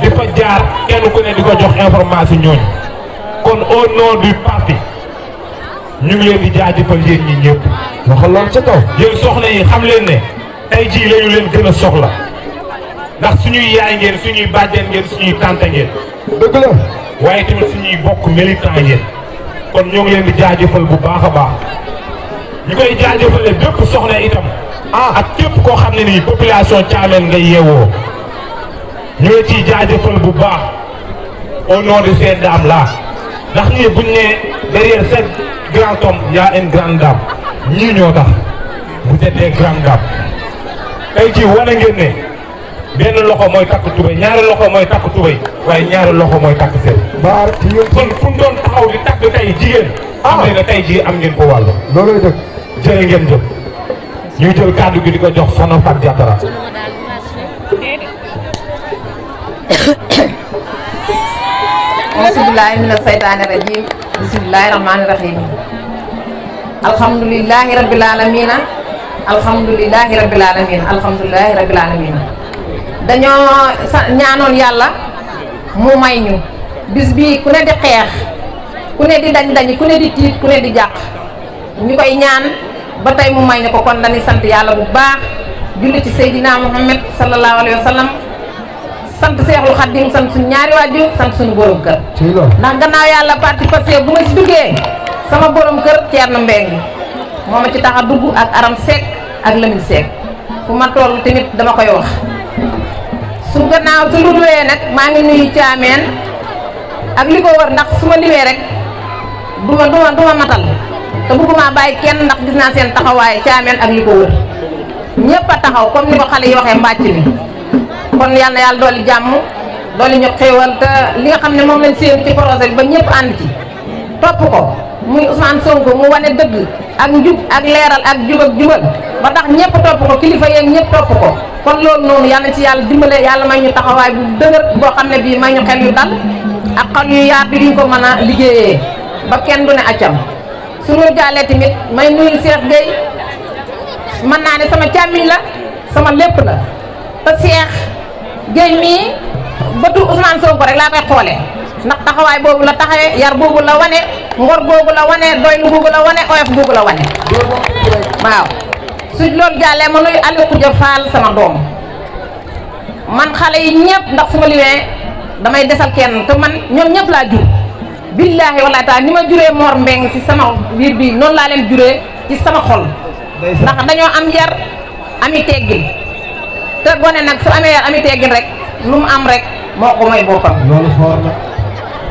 di fa jaar kenn ku ne di ko jox information ñooñu kon au nom du parti ñu ngi leen di jaajëfal yéen ñi ñëpp. waxal loolu ca kaw. yéen soxna yi xam leen ne ay jii lañu leen gën a soxla ndax suñuy yaay ngeen suñuy bàjjen ngeen suñuy tante ngeen. dëgg la waaye tamit suñuy bokk militant ngeen. kon ñoo ngi leen di jaajëfal bu baax a baax ñu koy jaajëfale bépp soxna itam. ah ak képp koo xam ne nii population Thiamène nga yeewoo. ci ciy jaajëfal bu baax au nom de ces dames là ndax ñii buñ ne derrière chaque grand homme y a une grande dame ñii ñoo tax vous êtes des grandes dames tey jii wane ngeen ne benn loxo mooy takk tubéy ñaari loxo mooy takk tubéy waaye ñaari loxo mooy takk seen. baar ci yéen kon doon taxaw di takk tey jigéen. ah am na tey am ngeen ko wàll. loolooy dëgg. jërë ngeen jëf ñuy jël kàddu gi di ko jox soxna Fatou Diatara. billahi mina seytaani rajim bismillahi rahmaani rahim alhamdulillahi rabbil mu may ñu bis bii ku ne di xeex ku ne di dañ dañ ku ne di tiit ku ne di jàq ñu ñaan ba tey mu may ñu ko kon dañuy sant yàlla bu baax julli ci Seydina Muhammad sallallahu alayhi wasallam sant Seexul khadim sante sun ñaari waajur sante sun borom kër ndax gannaaw yalla parti passé bu ma si duggee sama borom kër tierna mbeng moma ci taxa duggu ak Aram sek ak Lamine sek fu ma toll tamit dama koy wax su gannaaw su lu luduwee ya, nak ma ngi nuyu ci amen ak liko war ndax suma ma rek duma duma duma matal te bëgguma bàyyi ya, kenn ndax gis na sen taxaway ci amen ak liko war ñepp taxaw comme ni ko xale yi waxe mbacc ni kon yal na yàlla dooli jàmm dooli ñu xéewal te li nga xam ne moom lañ séen ci projet bi ba ñëpp ànd ci topp ko muy Ousmane Sonko mu wane dëgg ak njub ak leeral ak jub ak jubal ba tax ñëpp topp ko kilifa yeeg ñëpp topp ko kon loolu noonu yàlla ci yàlla dimbale yàlla may ñu taxawaay bu dëgër boo xam ne bii may ñu xel yu dal ak xol yu yaatu yuñ ko mën a liggéeyee ba kenn du ne accam suñu jaalee tamit may nuyu Cheikh Gueye mën naa ne sama càmmiñ la sama lépp la Guèye mii bëtu Ousmane Sonko rek laa koy xoolee ndax taxawaay boobu la taxawee yar boobu la wane ngor boobu la wane doylu boobu la wane oyof boobu la wane waaw su loolu jàllee ma nuyu Aliou Khoudia Fall sama doom man xale yi ñëpp ndax su ma liwee damay desal kenn te man ñoom ñëpp laa jur billaahi wallaahi taala ni ma juree Mor Mbeng si sama biir bi noonu laa leen juree ci sama xol ndax dañoo am yar ami teggin te gone nag su amee yar ami teggin lu mu am rek moo ko may boppam. loolu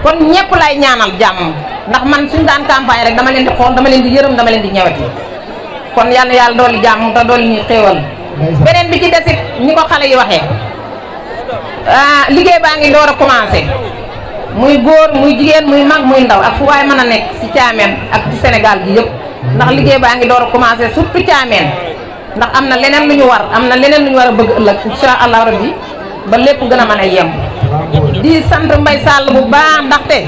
kon ñëpp lay ñaanal jàmm ndax man suñu daan campagne rek dama leen di xool dama leen di yërëm dama leen di ñewet yi kon yal na yàlla dooli jàmm te dooli ñuy xéewal. beneen bi ci desit ñi ko xale yi waxee ah, liggéey baa ngi door a commencé muy góor muy jigéen muy mag muy ndaw ak fu waay mën a nekk ci caameen ak ci Sénégal gi yëpp ndax liggéey baa ngi door a commencé surtout caameen ndax amna lenen leneen lu war amna na leneen lu bëgg ëlëk insha allah rabbi ba lepp mana mëna yëm di sant mbay Sall bu ndax té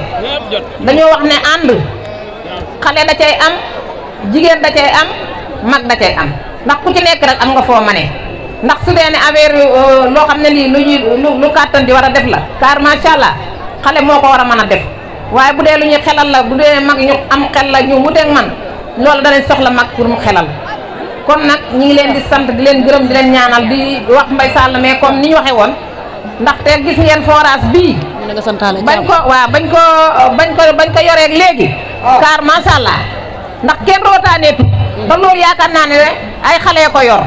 dañu wax ne and xalé da cey am jigen da cey am mag da cey am ndax ku ci nekk rek am nga fo mané ndax su déné ne affaire euh, loo xam ne lu carton di wara def la car sha allah xalé moko wara mëna def waye bu dé luñu la bu dé mag ñu am xel la ñu man da lay soxla mak pour mu xelal kon nag ñi ngi leen di sant di leen gërëm di leen ñaanal di wax Mbaye Sall mais comme ni ñu waxee woon ndaxte gis ngeen forage bii. bañ ko waa bañ ko bañ ko bañ ko yoreeg léegi. Ah. car macha allah ndax kenn rootaaneetu. te mm. loolu yaakaar naa ne ay xale ko yor.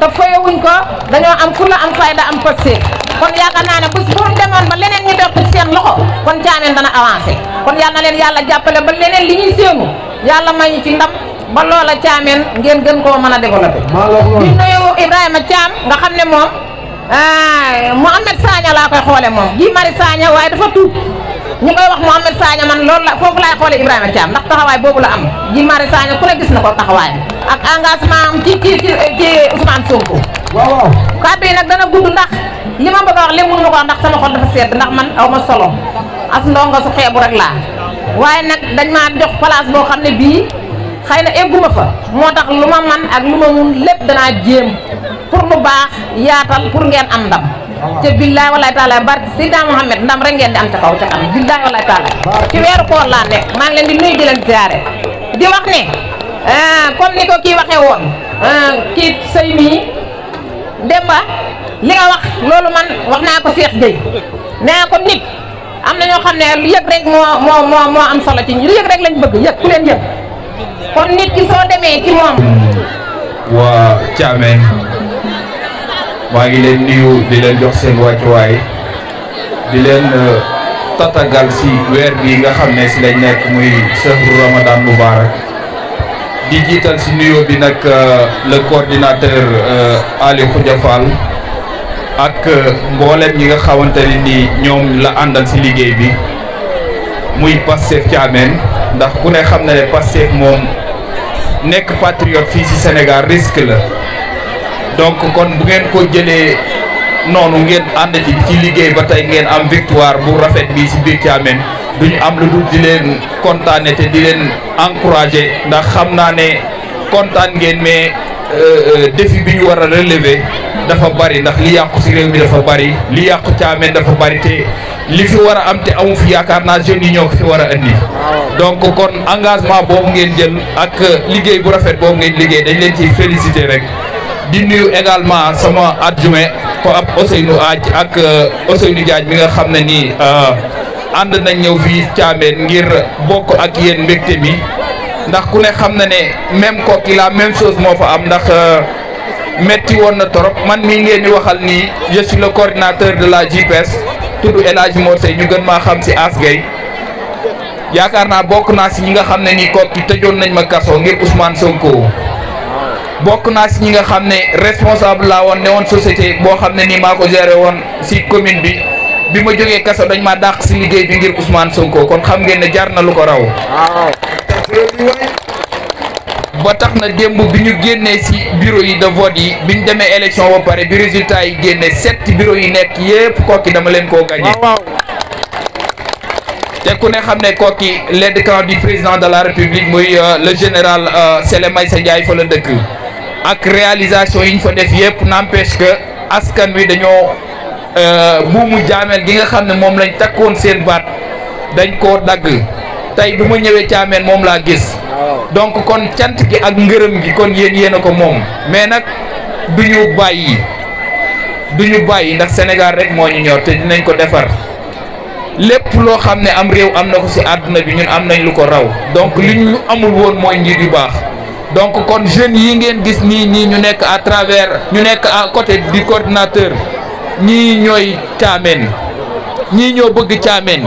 te fayewuñ ko dañoo am fulla am fayda am pëccet kon yaakaar naa ne bu bu demoon ba leneen ñu dox seen loxo kon caameen dana avancé kon yal leen yàlla jàppale ba leneen li ñuy séenu yàlla may ci ndam. ba loola caameen ngeen gën koo mën a développé di nuyu Ibrahima Thiam nga xam ne moom Mouhamed Sagna laa koy xoole moom Guy mari Sagna waaye dafa tuub ñu koy wax Mouhamed Sagna man loolu la foofu laay xoole a Thiam ndax taxawaay boobu la am Guy Marius Sagna ku ne gis na ko taxawaay ak engagement am ci ci ci ci Ousmane yi nag dana gudd ndax li ma bëgg a wax lépp mënu ma ko wax ndax sama xol dafa sedd ndax man aw ma solo as ndongo su xeebu rek laa waaye nag ne bii xëy na egguma fa moo tax lu ma man ak lu ma mun lépp danaa jéem pour lu baax yaatal pour ngeen am ndam te billaay walaay taala barke Seydina Mohamed ndam rek ngeen di am ca kaw ca kanam billaay walaay taala ci weeru koor laa nekk maa ngi leen di nuyu di leen siyaare di wax ne eh, comme ni ko kii waxee woon eh, kii sëy mii Demba li nga wax loolu man wax naa ko Cheikh Gueye nee ko nit am na ñoo xam ne lu yëg rek moo moo moo moo am solo ci ñu lu yëg rek lañ bëgg yëg ku kon nit waa ngi leen nuyu di leen jox seen wàccuwaay di leen euh, tatagal si weer bi nga xam ne si lañ nekk muy sahru Ramadan Mubarak di jiital ci nuyoo bi nag euh, le coordinateur euh, Ali Khoudia ak mboolem ñi nga xamante ne ni ñoom la àndal si liggéey bi muy Pastef Thiamène ndax ku ne xam ne Pastef moom. nekk patriote fii ci Sénégal risque la donc kon bu ngeen ko jëlee noonu ngeen ànd ci ci liggéey ba tey ngeen am victoire bu rafet bii ci biir Thiamène duñu am lu dul di leen kontaane te di leen encourager ndax xam naa ne kontaan ngeen mais euh, euh, défi bi ñu war a relever dafa bari ndax li yàqu ci réew mi dafa bari li yàqu Thiamène dafa bari te. li fi war a am te amu fi yaakaar naa jeunes yi ñoo fi war a indi donc kon engagement boobu ngeen jël ak liggéey bu rafet boobu ngeen liggéey dañ leen ciy félicité rek di nuyu également sama at adjoint ko ab Ousseynou Aaj ak euh, Ousseynou Diagne mi nga xam ne nii euh, ànd nañ ñëw fii Thiamène ngir bokk ak yéen mbégte mi ndax ku ne xam na ne même Koki la même chose moo fa am ndax euh, metti woon na torop man mi ngeen di waxal nii je suis le de la JPS tudd El Hadj Mor ñu gën maa xam si As Gueye yaakaar naa bokk naa si ñi nga xam ne ni ko tëjoon nañ ma kaso ngir Ousmane Sonko bokk naa si ñi nga xam ne responsable laa woon ne woon société boo xam ne ni maa ko géré woon si commune bi bi ma jógee kaso dañ ma dàq si liggéey bi ngir Ousmane Sonko kon xam ngeen ne jar na lu ko raw. ba tax na démb bi ñu génnee ci bureau yi de vote yi bi ñu demee élection ba pare bi résultat yi génne sept bureau yi nekk yépp Koki dama leen koo gagné te ku ne xam ne Koki l'aide camp du président de la république mooy euh, le général euh, Sélé Maïssa Ndiaye fa la dëkk ak réalisation yi ñu fa def yépp n'empêche que askan wi dañoo euh, buumu jaameel gi nga xam ne moom lañ takkoon seen baat dañ koo dagg tey bu ma ñëwee caameen moom laa gis donc kon cant gi ak ngërëm gi kon yéen yéen a ko moom mais nag du ñu bàyyi du ñu bàyyi ndax Sénégal rek moo ñu ñor te dinañ ko defar lépp loo xam ne am réew am na ko ci àdduna bi ñun am nañ lu ko raw donc li ñu amul woon mooy njiit yu baax donc kon jeunes yi ngeen gis nii ñii ñu nekk à travers ñu nekk à côté du coordinateur ñii ñooy caameen ñii ñoo bëgg caameen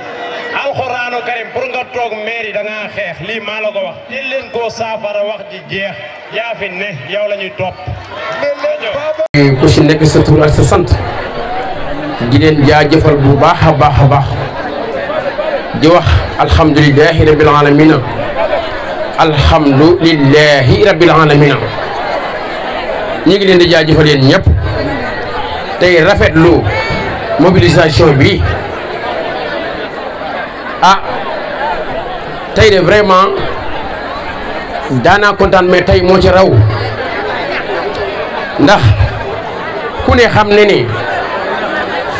alxuraanu karim pour toog mairie da ngaa xeex lii maa saafara wax ji jeex yaa fi sant di leen jaajëfal bu baax a baax a baax di wax alhamdulilahi rabil alamina alhamdulilahi rabil alamina ñu ngi leen di jaajëfal yéen ñëpp tey lu mobilisation bi. a ah. tey de vraiment daanaa kontaan mais tey moo ci raw ndax ku ne xam ne ne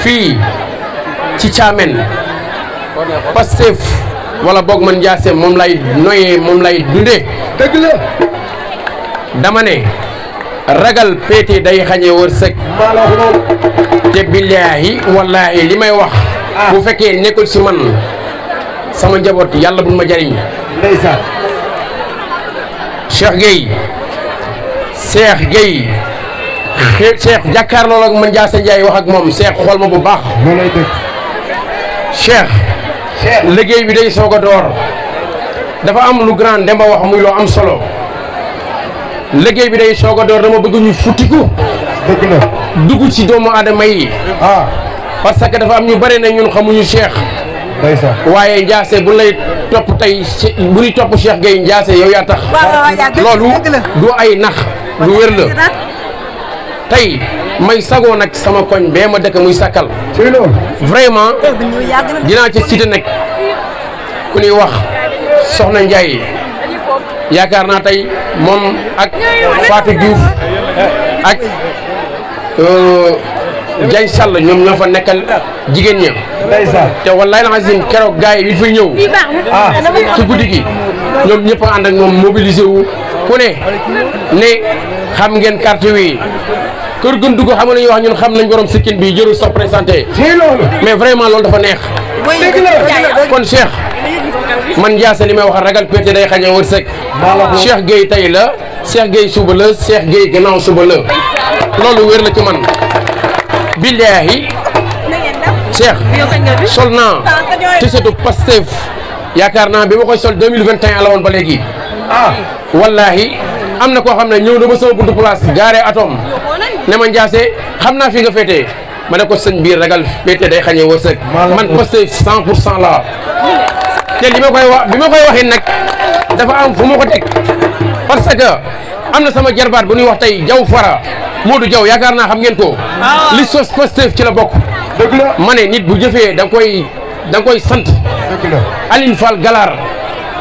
fii ci Thiamène Pastef wala boog man Ndiassé moom lay noyee moom lay dunde dëgg la dama ne ragal péete day xañee wërsëg te billaahi wallaahi li may wax ah. bu fekkee nekkul ci man sama njaboot yàlla buñ ma jariñ ndeysaan Cheikh Gueye Cheikh Gueye Cheikh jàkkaarloo ak man Ndiassé Ndiaye wax ak moom Cheikh xool ma bu baax Cheikh liggéey bi day soog a door dafa am lu grand demba wax muy loo am solo léggéey bi day soog a door dama bëgg ñu futtiku dëgg dugg ci doomu aadama yi ah. parce que dafa am ñu bare ne ñun xamuñu Cheikh waaye Ndiassé bu lay topp tey bu ñuy topp Cheikh Gueye Ndiassé yow yaa tax loolu du ay nax lu wér la tey may sagoo nag sama koñ bee ma dëkk muy sakkal vraiment dinaa ci cité nag ku ñuy wax Soxna Ndiaye yaakaar naa tey moom ak Fatou Diouf ak euh, jay Sall ñom ñoo fa nekkal jigéen ña. te wallahi alazim kéro gaay yi fi ñew ah. ci guddi gi ñoom ñëpp ak mom mobiliser wu ku ne ne xam ngeen carte wi keur gën duggu xam nañu wax ñun xam nañ borom sikkin bi jëru sax présenté mais vraiment lool dafa neex kon Cheikh man Ndiassé li may wax ragal pété day xañ a Cheikh gey tay la Cheikh gey suba la Cheikh gey gënaaw suba la loolu wër la ci man billaahi Cheikh sol naa tisetu Pastef yaakaar naa bi ma koy sol vingt 2021 la woon ba léegi ah wallaahi am na koo xam ne ñëw na ba sama buntu place gaare atom ne ma Ndiassé xam naa fii nga féetee ma ne ko sëñ biir ragal féete day xañee wërsëg man Pastef 100 pour cent la te li ma koy wax waxee nag dafa am fu ma ko teg parce que am na sama jarbaat bu ñuy wax tey jaw fara Modou Jaw yaakaar naa xam ngeen ko ah. li sos Pastef ci la bokk dëgg la ma ne nit bu jëfee danga koy da koy sant dëgg la Aline Fall Galaar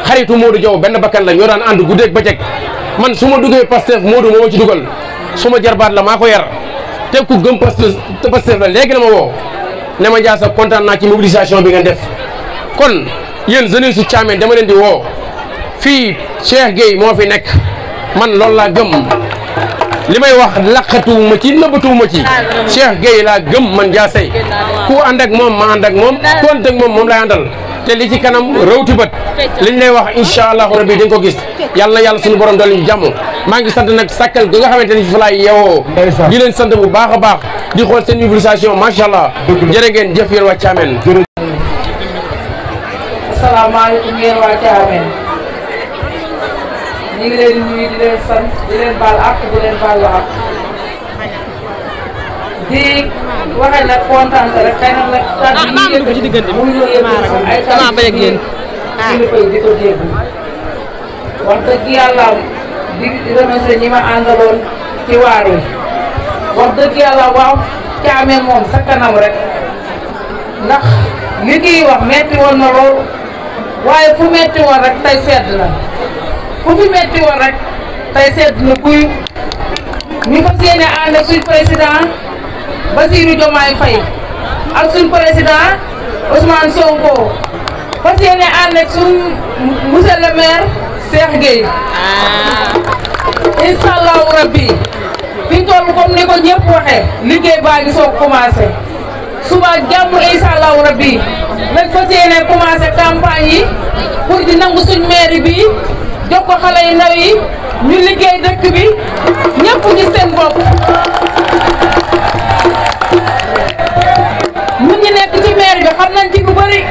xaritu Modou Jaw benn bakkan la ñoo daan ànd ba bëccëg man su ma duggee Pastef Modou moo ci dugal suma jarbaat la maa ko yar te ku gëm Pastef Pastef la léegi la ma woo ne ma sax kontaan naa ci mobilisation bi ngeen def kon yéen jeunesse su Thiamène dama leen di woo fii Cheikh Gueye moo fi nekk man loolu laa gëm li may wax laqatuwuma ci nëbbatuwuma ci Cheikh Gueye laa gëm man jaasey ku ànd ak moom ma ànd ak moom ku ànd moom moom lay àndal te li ci kanam rawti bët liñ lay wax incha allahu rabi dañ ko gis yàlla yàlla suñu borom dool ñu jàmm maa ngi sant nag sàkkal gi nga xamante ni fi laay yeewoo di leen sant bu baax a baax di xool seen mobilisation macha allah jërë ngeen jëf yéen waa Thiamène ñu ngi leen nuyu di leen sant di leen baal ak di leen baal wa ak di waxee nag kontaan rek xëy na nag kàddu yi ngeen ko ci diggante ah, mu ngi yëpp ay kàddu yi ngeen kilifa yi di ko déglu wax dëgg yàlla di remercier ñi ma àndaloon ci waar yi wax dëgg yàlla waaw caame moom sa kanam rek ndax li kiy wax metti woon na loolu waaye fu metti woon rek tey sedd na fu fi metti woon rek tey sedd na kuy ñu fas yéene ànd ak suñ président Bassirou Diomaye Faye ak suñ président Ousmane Sonko fas yéene ànd suñ monsieur le maire Cheikh rabbi fi ñu toll ni ko ñëpp waxee liggéey baa ngi soog commencé suba jàmm incha allahu rabbi lañ fas yéene commencé campagne yi di nangu suñ maire bi jox ko xale yu ndaw yi ñu liggéey dëkk bi ñëpp gis seen bopp. ñun ñi nekk ci maire bi xam nañ ci ku bëri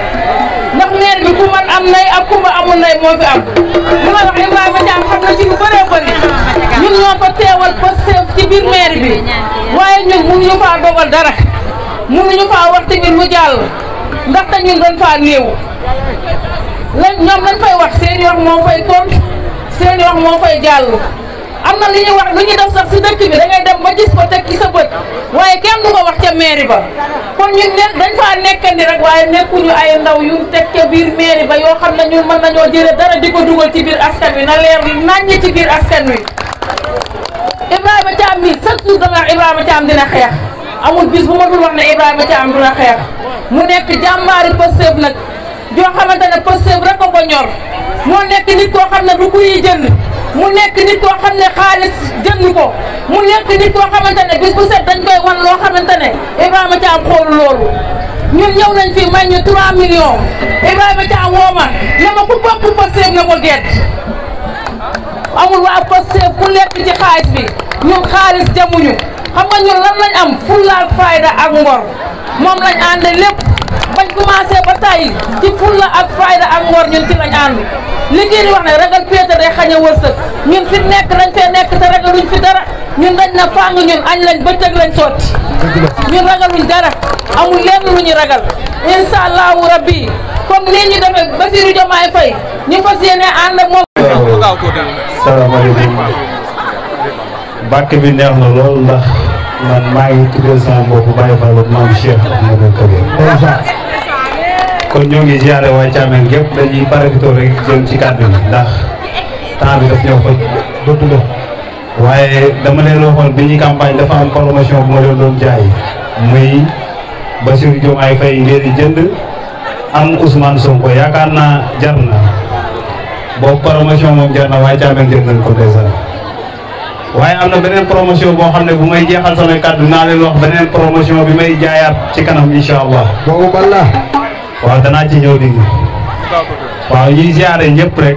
ndax maire bi ku am nay ak ku ma nay moo fi am li ma wax Ibrahima Thiam xam na ci lu bëree bëri ñun ñoo ko teewal ko seef ci biir maire bi waaye ñun mënuñu faa dogal dara mënuñu faa wax tamit mu jàll ndaxte ñun doon faa néew. lañ ñoom lañ fay wax seen yoon moo fay compte seen yoon moo koy jàll. am na li ñuy wax lu ñuy def sax si dëkk bi da dem ba gis ko teg ci sa bët waaye kenn du ko wax ca meeri ba kon ñun ne dañ faa nekkandi rek waaye nekkuñu ay ndaw yu teg ca biir mairie ba yoo xam ne ñun mën nañoo jëlee dara di ko dugal ci biir askan wi na leer naññ ci biir askan wi. Ibrahima Thiam mi chaque jour dana Ibrahima Thiam dina xeex amul bis bu ma dul wax ne Ibrahima Thiam dina xeex mu nekk jàmbaari joo xamante ne Pastef rek ko ko nit koo xam ne du kuy jënd mu nekk nit koo xam ne xaalis jënd ko mu nekk nit koo xamante bis bu set dañ koy wan loo xamante ne Ibrahima xoolu loolu ñun ñëw fi may ñu 3 millions Ibrahima Thiam woo ma ne ma na ko amul waa Pastef ku lekk ci xaalis bi ñun xaalis jamuñu xam nga ñun lan lañ am fulla fayda ak ngor moom lañ ànd lépp bañ commencé ba tay ci fulla ak fayda ak ngor ñun ci lañ ànd li ngeen wax na ragal péete day xañ a ñun fi nekk lañ fay nekk te ragaluñ fi dara ñun dañ na fàng ñun añ lañ tegg lañ sotti ñun ragaluñ dara amul lenn lu ñu ragal inshallah rabbi comme li ñu defee Bassirou Diomaye Faye ñu fas yéene ànd ak moom salaamaaleykum bàkk bi neex na lol ndax man maa ngi tuddee sama baye fa lo maam Cheikh Ahmadou Kabir kon ñoo ngi ziaré waa Thiamène gépp dañuy parafitoo rek jëm ci kàddu bi ndax temps bi daf ñoo xoj dëddula waaye dama leen waxoon bi ñuy campagne dafa am promotion bu ma leen doon jaay muy Bassirou Diomaye Faye ngeen di jënd am Ousmane Sonko yaakaar naa jar na boobu promotion moom jar na waaye Thiamène jënd nañ ko dèjà waaye am na beneen promotion boo xam ne bu may jeexal kàddu naa leen wax beneen promotion bi may jaayaat ci kanam incha allah boobu waaw danaa ci ñëw léegi waaw ñuy ziare ñëpp rek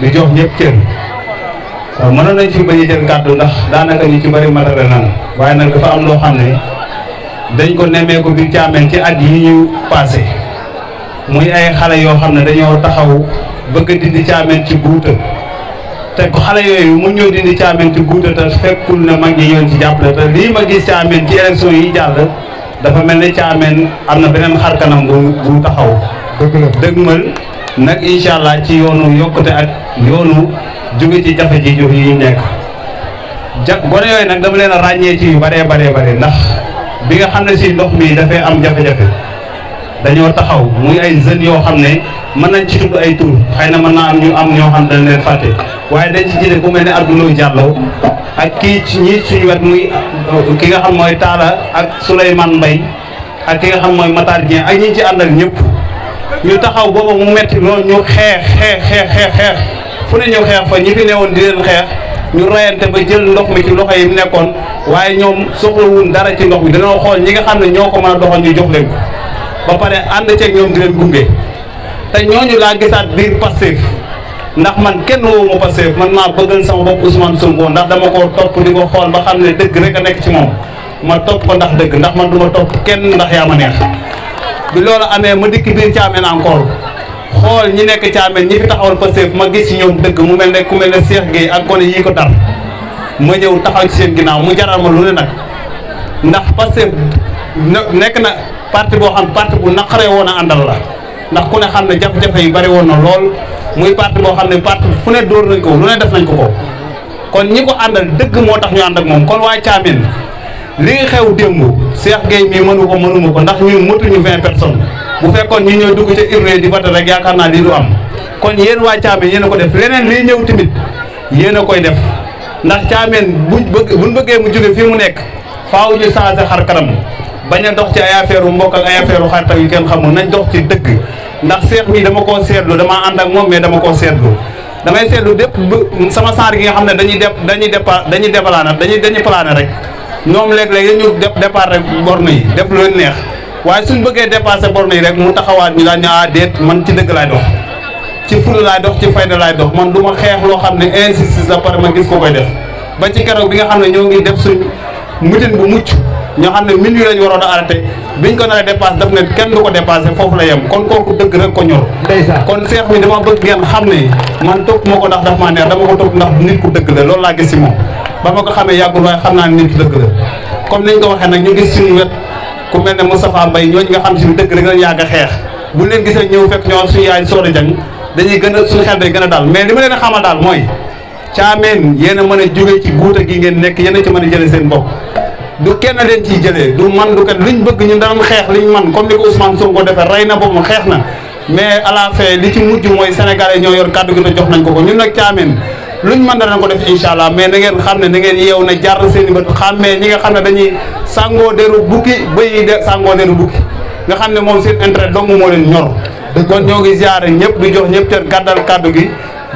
di jox ñëpp cër waaw mënoon nañ fi bañ a jël kàddu ndax daanaka ñu ci bëri matare nan waaye nag dafa am loo xam ne dañ ko nemmeeku biir Thiamène ci at yi ñu passé muy ay xale yoo xam ne dañoo taxaw bëgg a dindi Thiamène ci guuta te xale yooyu mu ñëw dindi Thiamène ci guuta te fekkul ne mag ñi ñoon ci jàppale te lii ma gis Thiamène ci élection yi jàll dafa mel ne caameen am na beneen xar kanam bu bu taxaw. dëgg la nag incha ci yoonu yokkute ak yoonu jóge ci jafe ji jox yi nekk. ja gone yooyu nag dama leen a ràññee ci yu baree baree bare ndax bi nga xam ne si ndox mii dafay am jafe-jafe dañoo taxaw muy ay jeunes yoo xam ne mën nañ ci tudd ay tur xëy na mën naa am ñu am ñoo xam dañ leen fàtte. waaye dañ ci jëlee ku mel ne Abdoulaye Diallo ak kii ci ñi suñu wet muy ki nga xam mooy Talla ak Souleymane mbay ak ki nga xam mooy Matar Dieng ak ñi ci àndal ak ñëpp ñu taxaw booba mu metti loolu ñu xeex xeex xeex xeex xeex fu ne ñu xeex fa ñi fi woon di leen xeex ñu rayante ba jël ndox mi ci loxo yi nekkoon waaye ñoom soxlawul dara ci ndox bi dañoo xool ñi nga xam ne ñoo ko mën a doxal ñu jox leen ko ba pare ànd ceeg ñoom di leen gunge te ñooñu laa gisaat ndax man kenn wo mo passé man ma bëggal sama bopp Ousmane Sonko ndax dama ko top di ko xool ba xamné ne dëgg rek nek ci mom ma top ko ndax dëgg ndax man duma top kenn ndax yaa ma neex bi loolu amé ma dikk biir Thiamène encore xol ñi ci amé ñi fi taxawal passé ma gis ci ñoom dëgg mu melne ne ku melne Cheikh Gueye ak gone yi ko dar ma ñew taxaw ci seen ginaaw mu jaral ma lu ne ndax passé nek na parti bo xam parti bu nakare wona andal la ndax ku ne xam ne jafe-jafe yi bari woon na lool muy parti boo xam ne parti fu ne dóor nañ ko lu ne def nañ ko ko kon ñi ko àndal dëgg moo tax ñu ànd moom kon waa Thiamène li xew démb Cheikh Gueye mii mënu ko mënuma ko ndax ñun mëtuñu vingt personnes bu fekkoon ñi ñooy dugg ca urne di vote rek yaakaar naa lii am kon yéen waa Thiamène yéen a ko def leneen lii ñëw tamit yéen a koy def ndax Thiamène buñ bëgg buñ bëggee mu jóge fii mu nekk faaw ñu changé xar kanam bañ a dox ci ay affaire u mbokkal ay affaire u xarta yu kenn xamul nañ dox ci dëgg ndax seex mi dama koo seetlu damaa ànd ak moom mais dama koo seetlu damay seetlu dépp sama saar gi nga xam ne dañuy def dañuy départ dañuy dépalaana dañuy dañuy plané rek ñoom léeg-léeg dañu def départ rek borne yi def lu neex waaye suñ bëggee dépassé borne yi rek mu taxawaat ñi daan ñu ah déet man ci dëgg laay dox ci ful laay dox ci fayda laay dox man du ma xeex loo xam ne insistance la pare ma gis ko koy def ba ci keroog bi nga xam ne ñoo ngi def suñ mutin bu mucc ñoo xam ne minuit lañu waroon a arrêté biñ ko nar a dépassé daf ne kenn du ko dépassé foofu la yem kon kooku dëgg rek ko ñor kon seex bi dama bëgg ngeen xam ne man topp ma ko ndax daf maa neex dama ko topp ndax nit ku dëgg la loolu laa gis si moom ba ma ko xamee yàggul waaye xam naa nit ku dëgg la comme niñ ko waxee nag ñu gis suñu wet ku mel ne Moustapha Mbaye ñooñu nga xam si dëgg rek lañ yàgg a xeex buñ leen gisee ñëw suñu yaay soor xel day gën a daal mais li ma leen a xamal daal mooy caameen yéen a mën a jóge ci guuta gi ngeen nekk yéen a ci seen bopp du kenn leen ciy jëlee du man du kat luñ bëgg ñun danañ xeex liñ man comme ni ko Ousmane Sonko defee rey na boobu xeex na mais à li ci mujj mooy sénégalais ñoo yor kàddu gi te jox nañ ko ko ñun nag caameen luñ mën danañ ko def incha xam ne na ngeen yeew na jar seen i bët xàmmee ñi nga xam ne dañuy sangoo deru bukki bëy de sangoo deru bukki nga xam ne moom seen intérêt dong moo leen ñor kon ñoo ngi ziare ñëpp di jox ñëpp te gàddal kàddu gi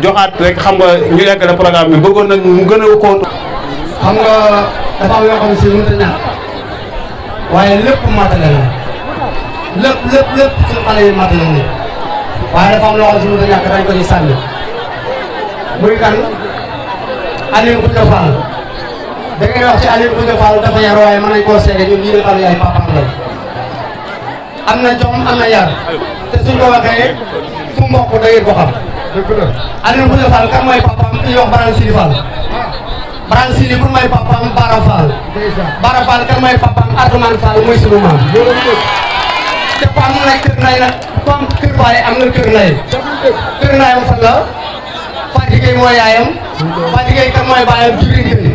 joxaat rek xam nga ñu eggale programme bi bëggoon nañ mu gën a xam nga dafa am yoo xam ne si mënut a waaye lépp matale na lépp lépp lépp xale yi matale na waaye dafa am loo xam ne si mënut a sànni muy kan Alioune Khoudia Fall dafa yar waaye mën nañ am na yar te suñ ko waxee fu mbokk da ngeen ko xam. dëgg la Alioune Khoudia mooy papaam ki ñuy wax Baran Ransi li may papaam Bara Fall Bara may papaam Atoumane Fall muy sunu maam te kër nay nag kër nay kër nayam fan la Faty mooy yaayam Faty Gueye kan mooy baayam Djibril Gueye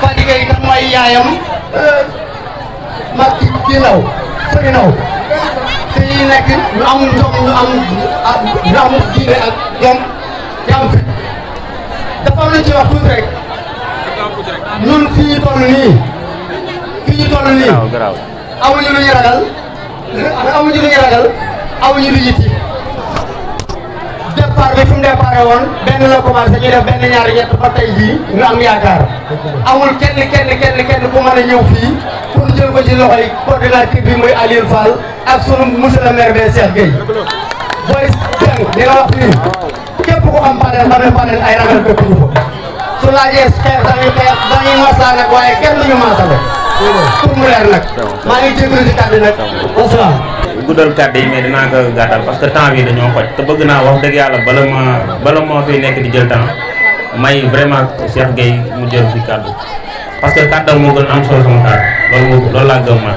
Faty Gueye mooy yaayam mag kii naw sëri te yi nekk ñu am njom ñu am ñu am diine ak jom jam fit dafa am lu ci wax rek ñun fi ñu toll nii fi ñu toll nii amuñu lu ñuy ragal amuñu lu ñuy ragal amuñu lu ñuy tiit départ bi fu mu départ woon benn la commencé ñu def benn ñaari ñett ba tey jii nga am yaakaar amul kenn kenn kenn kenn ku mën a ñëw fii pour jël ko ci loxoy coordinateur bi muy Aliou Fall ak sunu monsieur le maire bi Cheikh Gueye booy jàng dina wax fii képp ku am parrain xam ne parrain ay ragal dëkk ñu fa su laajee xeex yi parce que temps bi xoj te bëgg wax di jël temps may vraiment Cheikh Gueye mu jël fi kàddu parce que kàddam moo gën am solo sama kàddu loolu loolu laa gëm man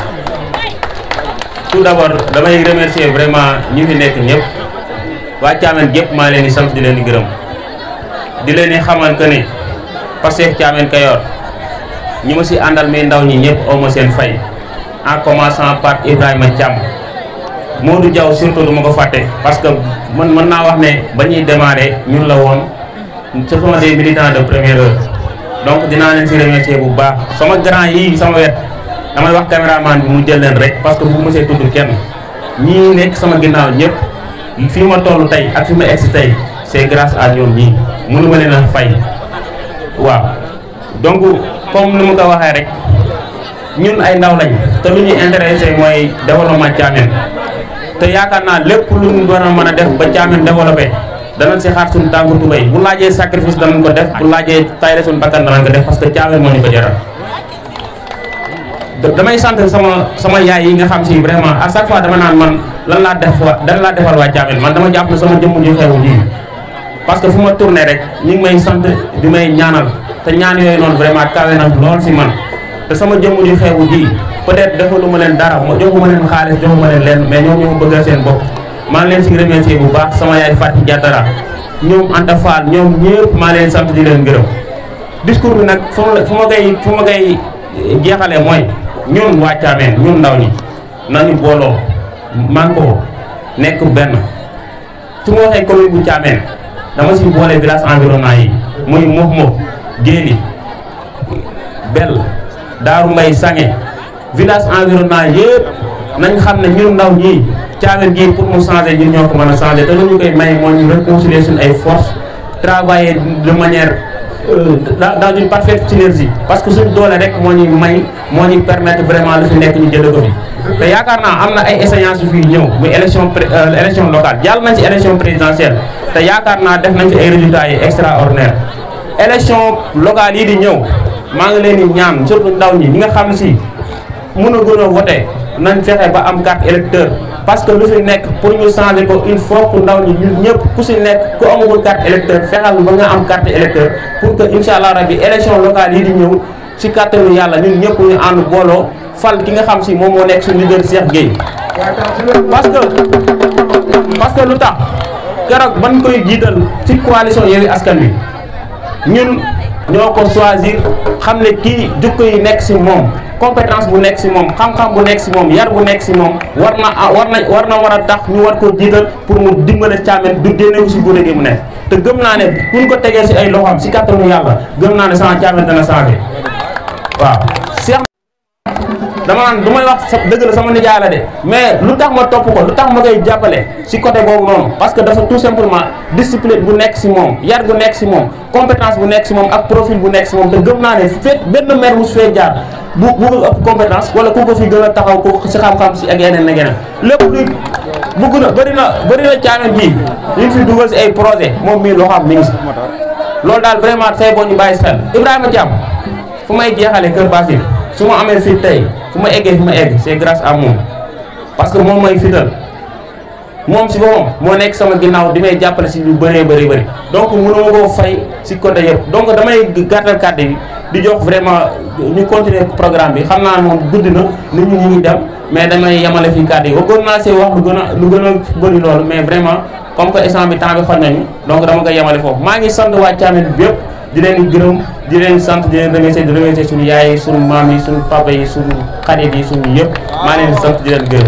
tout d'abord damay remercier vraiment ñu fi nekk ñëpp waa Thiamène gépp maa leen di sant di leen di gërëm di leen di xamal que ne cheikh Thiamène Kayor ñi ma si àndal mais ndaw ñi ñëpp aw sen fay a commençant par Ibrahima Thiam Modou jaw surtout duma ko faté parce que man man na wax né bañuy démarrer ñun la won ce sont des militants de première heure donc dinaa leen si remercier bu baax sama grand yi sama wet dama wax cameraman bi mu jël len rek parce que bu ma see tudd kenn ñi nek sama ginnaw ñëpp fi ma tollu tay ak fi ma ex tay c'est grâce à ñom ñi mënu ma len fay waaw donc comme ni mu ko waxee rek ñun ay ndaw lañ te lu ñuy intéressé mooy développement Thiamène te yaakaar naa lépp lu ñu war a mën a def ba Thiamène développé danañ si xaar suñu tàngu tubéy bu laajee sacrifice danañ ko def bu laajee tayle suñu bakkan danañ ko def parce que Thiamène moo ñu ko jaral damay sant sama sama yaay yi nga xam si vraiment à chaque fois dama naan man lan laa def wa dan laa defal waa Thiamène man dama jàpp ne sama jëmm xewu parce que fu ma tourné rek ñu ngi may sant di may ñaanal te ñaan yooy noonu vraiment kawe na lool si man te sama jëmm ju xeebu jii peut-être ma leen dara ma joxu ma leen xaalis joxu leen leen mais ñoom ñoo bëggal seen bopp maa ngi leen si remercier bu baax sama yaay Fatou Diatara ñoom Anta Fall ñoom ñëpp maa leen sant di leen gërëm discours bi nag fu ma fu ma koy fu ma koy jeexalee mooy ñun waa Thiamène ñun ndaw ñi nañu booloo man ko nekk benn su ma waxee commune dama siy boole village environnement yi muy Mokh Mokh Géni Bel Daaru Mbay Sange village environnement yëpp nañ xam ne ñun ndaw ñii caagar gi pour mu changer ñun ñoo ko mën a changer te lu ñu koy may moo ñu réconcilier suñu ay forces travailler de manière euh, dans une parfaite synergie parce que suñu doole rek moo ñuy may moo ñuy permettre vraiment lu fi nekk ñu jëlee ko fi. te yaakaar naa am ay échéances fi ñew bu élection élection locale jàll nañ ci élection présidentielle té yaakaar naa def eh, nañ ci ay résultats yi extraordinaire élection locale yi di ñew ma nga leen di ñaan surtout ndaw ñi ñi nga xam ci mën gëna gën voté nañ fexé ba am carte électeur parce que lu fi nekk pour ñu changer ko une fois pour ndaw ñi ñepp ku ci nekk ku amagul carte électeur fexal ba nga am carte électeur pour que inshallah rabbi élection locale yi di ñëw si kàttanu yalla ñun ñepp ñu and bolo fal ki nga xam si moom moo nekk suñu leader Cheikh Gueye parce que parce que lu tax ban koy jiital ci coalition Yewwi Askan bi ñun ñoko choisir xamne ki kii jukko yi nekk si moom compétence bu nek si mom xam-xam bu nek si mom yar bu nek si mom warna ah, warna warna wara tax ñu war ko jiital pour mu dimbalé caamen du génnewu ci bu gi mu nek te gëm na né buñ ko tegee ci ay loxoom si kàttanu yalla gëm na né sama caamen dana saage waaw dama naan lu wax dëgg la sama nijaay la de mais lu tax ma topp ko lu tax ma koy jàppale si côté boobu noonu parce que dafa tout simplement discipline bu nekk si moom yar bu nekk si moom compétence bu nekk si moom ak profil bu nekk si moom te gëm naa ne féet benn maire mus fee jaar bu bu ko compétence wala ku ko fi gën a taxaw ku si xam-xam si ak yeneen ak yeneen lépp luy bëgg na bëri na bëri na caanal bii fi dugal si ay projet moom mii loo xam mi ngi si loolu daal vraiment tey boo ñu bàyyi xel Ibrahima Thiam fu may jeexale kër Basile su ma amee fit tey fu ma eggee fu ma egg c'est grâce à moom parce que moom mooy fital moom si boppam moo nekk sama ginnaaw di may jàppale si lu bëree bëri bëri donc mënuma koo fay si côté yëpp donc damay gàttal kàddu yi di jox vraiment ñu continuer programme bi xam naa moom guddi na nit ñi ñu ngi dem mais damay yemale fii kàddu yi bëggoon wax lu gën a lu gën a bëri loolu mais vraiment comme que instant bi temps bi xon nañu donc dama koy yemale foofu maa ngi sant waa Thiamène bi yëpp di leen gërëm di len sante di leen remercier di remercier suñu yaay suñu mam yi suñu papa yi suñu xarit yi suñu yépp di gërëm.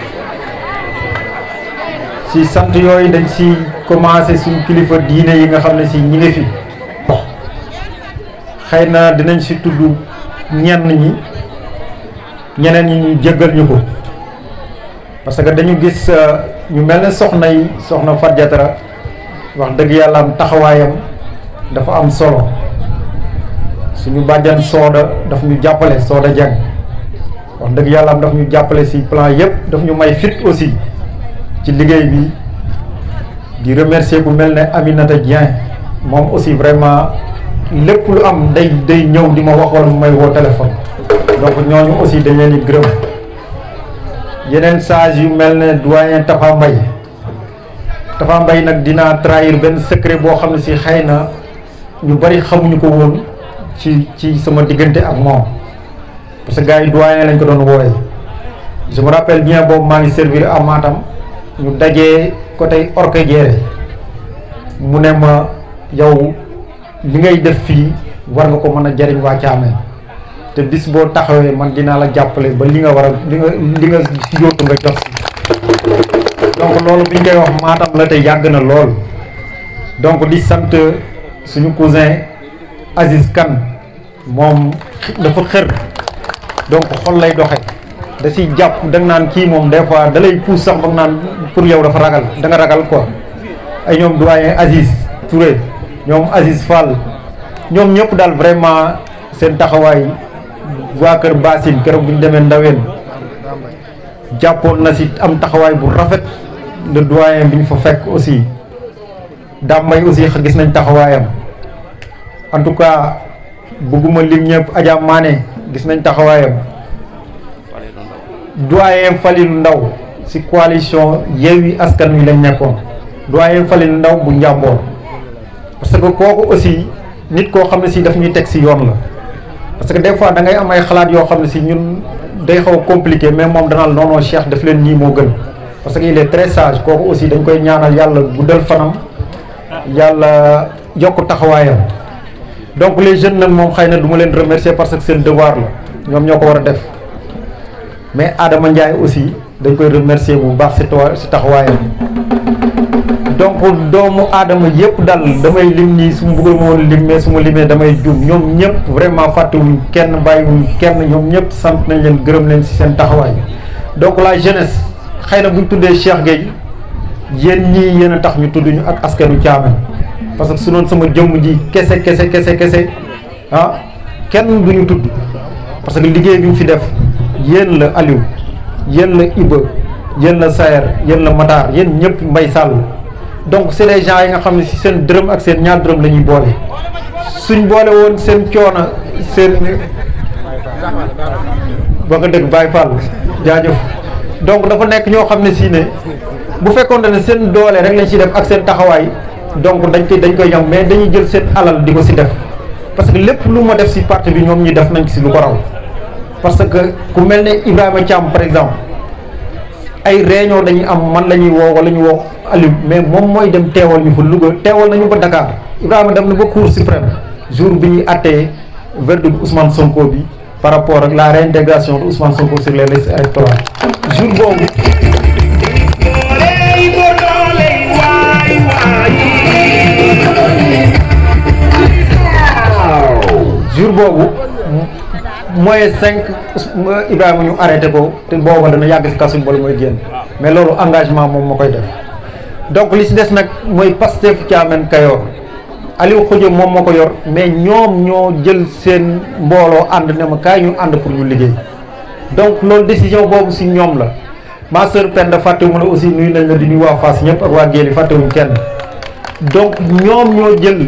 si sant yoy dañ si commencer sun kilifa diine yi nga xamne ci ñi ne fi xeyna na dinañ ci tuddu ñenn ñi ñeneen ñi ñu jéggal ñu parce que dañu gis euh, ñu melni soxna yi soxna Fatou wax deug yalla am taxawayam dafa am solo suñu badjan soda daf ñu soda soda jang wax deug yalla daf ñu jappalé si plan yépp daf ñu may fit aussi ci liggéey bi di remercier bu mel ne Aminata Dieng moom aussi vraiment lépp lu am day day ñëw di ma wax wala may woo téléphone donc ñooñu aussi dañ leen di gërëm yeneen sages yu mel ne doyen Tafa Mbaye Tafa mbay nag dinaa trahir benn secret boo xam ne si xëy na ñu bari xamuñu ko woon ci ci sama diggante ak moom parce que gars yi doyen lañ ko doon wooye je me rappelle bien boobu maa ngi servir am Matam ñu dajee côté Orkadiéré mu né ma yow li ngay def fi war nga ko mëna a jariñ waa Caameen te bis bo taxawé man dina la jappalé ba li nga wara li nga ci nga nga jox si donc lolu bi ñu koy wax matam la te yag na lool donc di sante suñu cousin Aziz kan mom dafa xër donc xol lay doxé da ci japp da nga nan ki mom des fois da lay pousse sax ba nga pour yow dafa ragal da nga ragal quoi ay ñoom doyen Aziz Touré ñom Aziz Fall ñom ñep dal vraiment sen taxaway wa keur Basine keur bu démé ndawen jappone na ci am taxaway bu rafet de doyen biñ fa fekk aussi dàmmay aussi gis nañ taxawayam en tout cas buguma lim ñep Adja Mané gis nañ taxawayam doyen Falilou Ndaw si coalition Yewwi Askan yi lañ nekkoon doyen Falilou Ndaw bu njàmboor parce que kooku aussi nit ko xamné si daf ñuy teg si yoon la parce que des fois da ngay am ay xalaat yo xamné si ñun day xaw compliqué mais mom da non non Cheikh daf leen ni mo gën parce que il est très sage kooku aussi dañ koy ñaanal yàlla guddal fanam yalla yokk taxawaayam donc les jeunes nak mom xëy duma du leen remercier parce que c'est devoir la ñom ñoko wara def. mais Adama Ndiaye aussi dañ koy remercier bu baax si ci taxawaayam donc doomu Adama yépp dal damay lim nii su bëggul mo ma lim mais su ma limee damay djum ñom ñëpp vraiment faté wuñ kenn wuñ kenn ñom ñëpp sant nañ leen gërëm leen ci seen taxawaay donc la jeunesse xeyna buñ tuddé Cheikh gey yéen ñi yéen tax ñu tuddu ñu ak askanu Thiamène parce que sunon sama jëmm ji kessé kessé kessé kessé ah kenn duñu tuddu parce que liggéey bi fi def. yéen la Aliou yéen la Iba yéen la Saer yéen la Matar yéen ñëpp Mbay Sàll donc c'est les gens yi nga xam ne si seen dërëm ak seen ñaar dërëm la ñuy boole suñ boole woon seen coono seen ba nga dëgg Baye Fall jaajëf donc dafa nekk ñoo xam ne si ne bu fekkoon ne seen doole rek lañ si def ak seen taxawaay donc dañ koy dañ koy ñam mais dañuy jël seen alal di ko si def parce que lépp lu ma def si parti bi ñoom ñi def nañ si lu ko raw parce que ku melni Ibrahima cham par exemple ay réunion dañuy am man lañuy wo wala ñu wo Aliou mais mom moy dem téwol ñu fa Louga téwol nañu ba Dakar Ibrahima dem na ba Cour suprême jour bi ñuy atté verdu Ousmane Sonko bi par rapport ak la réintégration de Ousmane Sonko sur les listes électorales jour boobu. jour bobu moins cinq Ibrahima ñu arrêté ko te booba dana yàgg si kaso bi mooy génn mais loolu engagement moom ma koy def donc li si des nag mooy Pastef Thiamène Kayor Aliou Khoudia moom moo ko yor mais ñoom ñoo jël seen mbooloo ànd ne ma kaay ñu ànd pour ñu liggéey donc loolu décision boobu si ñoom la ma sœur Penda fàttewuma la aussi nuyu nañ la di nuyu waa Fass ñëpp ak waa Géli fàttewuñ kenn donc ñoom ñoo jël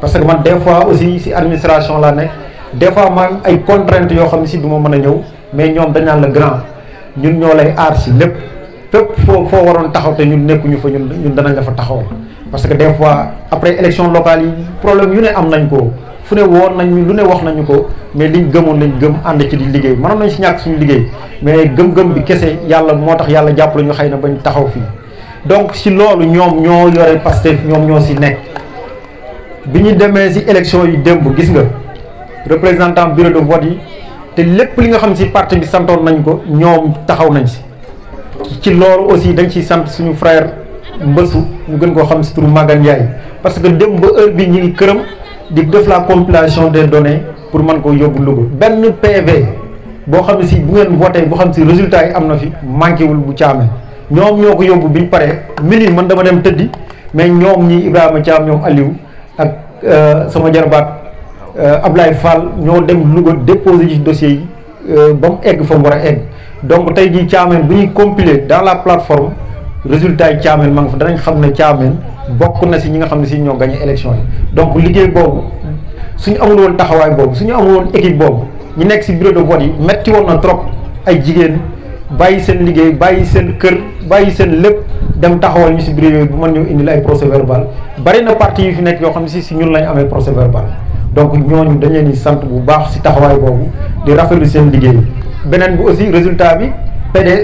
parce que man des fois aussi si administration là nek des fois man ay contraintes yo xamni ci si meuna ñew mais ñom dañ le grand ñun ñolay lay aar si lépp fo foo foo taxaw te ñun nekkuñu fa ñun ñun danañ la fa taxaw parce que des fois après élection locale yi problème yu ne am nañ ko fu ne woon nañ lu ne wax nañu ko mais liñ gëmoon lañ gëm ànd ci di liggéey mënoon nañ si ñàkk suñu liggéey mais gëm-gëm bi kese yàlla moo tax yàlla jàppale ñu xëy na bañ taxaw fii donc si loolu ñoom ñoo yore Pastef ñoom ñoo si nekk. bi ñu demee ci élection yi démb gis nga représentant bureau de vote yi te lépp li nga xam ci parti bi santoon nañ ko ñoom taxaw nañ ci ci loolu aussi dañ ciy sant suñu frère mbësu ñu gën koo xam ci turu Magal Ndiaye parce que démb ba heure bi ñu ngi këram di def la compilation des données pour mën ko yóbbu Louga benn PV boo xam ne ci bu ngeen voté boo xam ci résultat yi am na fi manqué wul bu caamee ñoom ñoo ko yóbbu bi ñu paree mili man dama dem tëddi mais ñoom ñi Ibrahima Thiam ñoom Aliou Euh, sama jarbaat euh, Ablaye Fall ñoo dem Louga déposé ci dossier yi euh, ba mu egg fa mu war a egg donc tey jii Thiamène bu ñuy compiler dans la plateforme résultat yi Thiamène ma nga fa danañ xam ne Thiamène bokk na si ñi nga xam ne si ñoo gagné élection yi donc liggéey boobu suñu amul woon taxawaay boobu suñu amul woon équipe boobu ñu nekk si bureau de vote yi metti woon na trop ay jigéen bàyyi seen liggéey bàyyi seen kër bàyyi seen lépp dem taxawal ñu ci biir yooyu bu mën ñu indil ay procès verbal bari na parti yi fi nekk yoo xam ne si si ñun lañu amee procès verbal donc ñooñu dañ leen di sant bu baax si taxawaay boobu di rafetlu seen liggéey beneen bi aussi résultat bi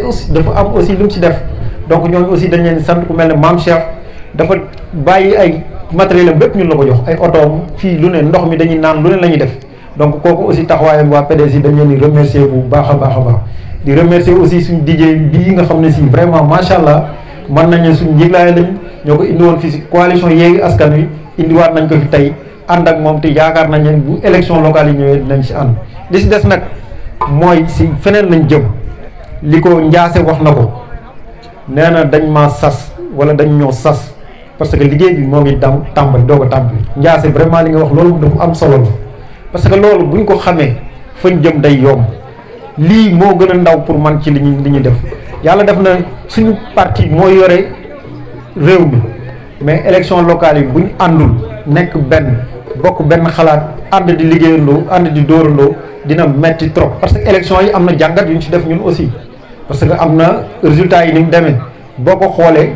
aussi dafa am aussi lu mu si def donc ñooñu aussi dañ leen di sant ku mel ne Mame Cheikh dafa bàyyi ay matériel am bépp ñun la ko jox ay otoom fii lu ne ndox mi dañuy naan lu ne la ñuy def donc kooku aussi taxawaayam waa PDS yi dañ leen di remercier bu baax a baax a baax di remercier aussi suñu DJ bii nga xam ne si vraiment macha allah. man nañ ne suñ njiglaay lañ ñoo ko indi woon fii si coalition Yewwi Askan Wi indiwaat nañ ko fi tey ànd ak moom te yaakaar nañ ne bu élection locale yi ñëwee dinañ si ànd li si des nag mooy si feneen lañ jëm li ko njaase wax na ko nee na dañ maa sas wala dañ ñoo sas parce que liggéey bi moo ngi dam tàmbali doo ko tàmbali njaase vraiment li nga wax loolu dafa am solo parce que loolu buñ ko xamee fañ jëm day yomb lii moo gën a ndaw pour man ci li ñu li ñuy def yàlla def na suñu partie parti moo yore réew mi mais élection locale yi bu ñu àndul nekk benn bokk benn xalaat ànd di liggéeyandoo ànd di dóorandoo dina metti trop parce que élection yi am na jàngat yu ñu ci def ñun aussi parce que am na résultat yi ni mu demee boo ko xoolee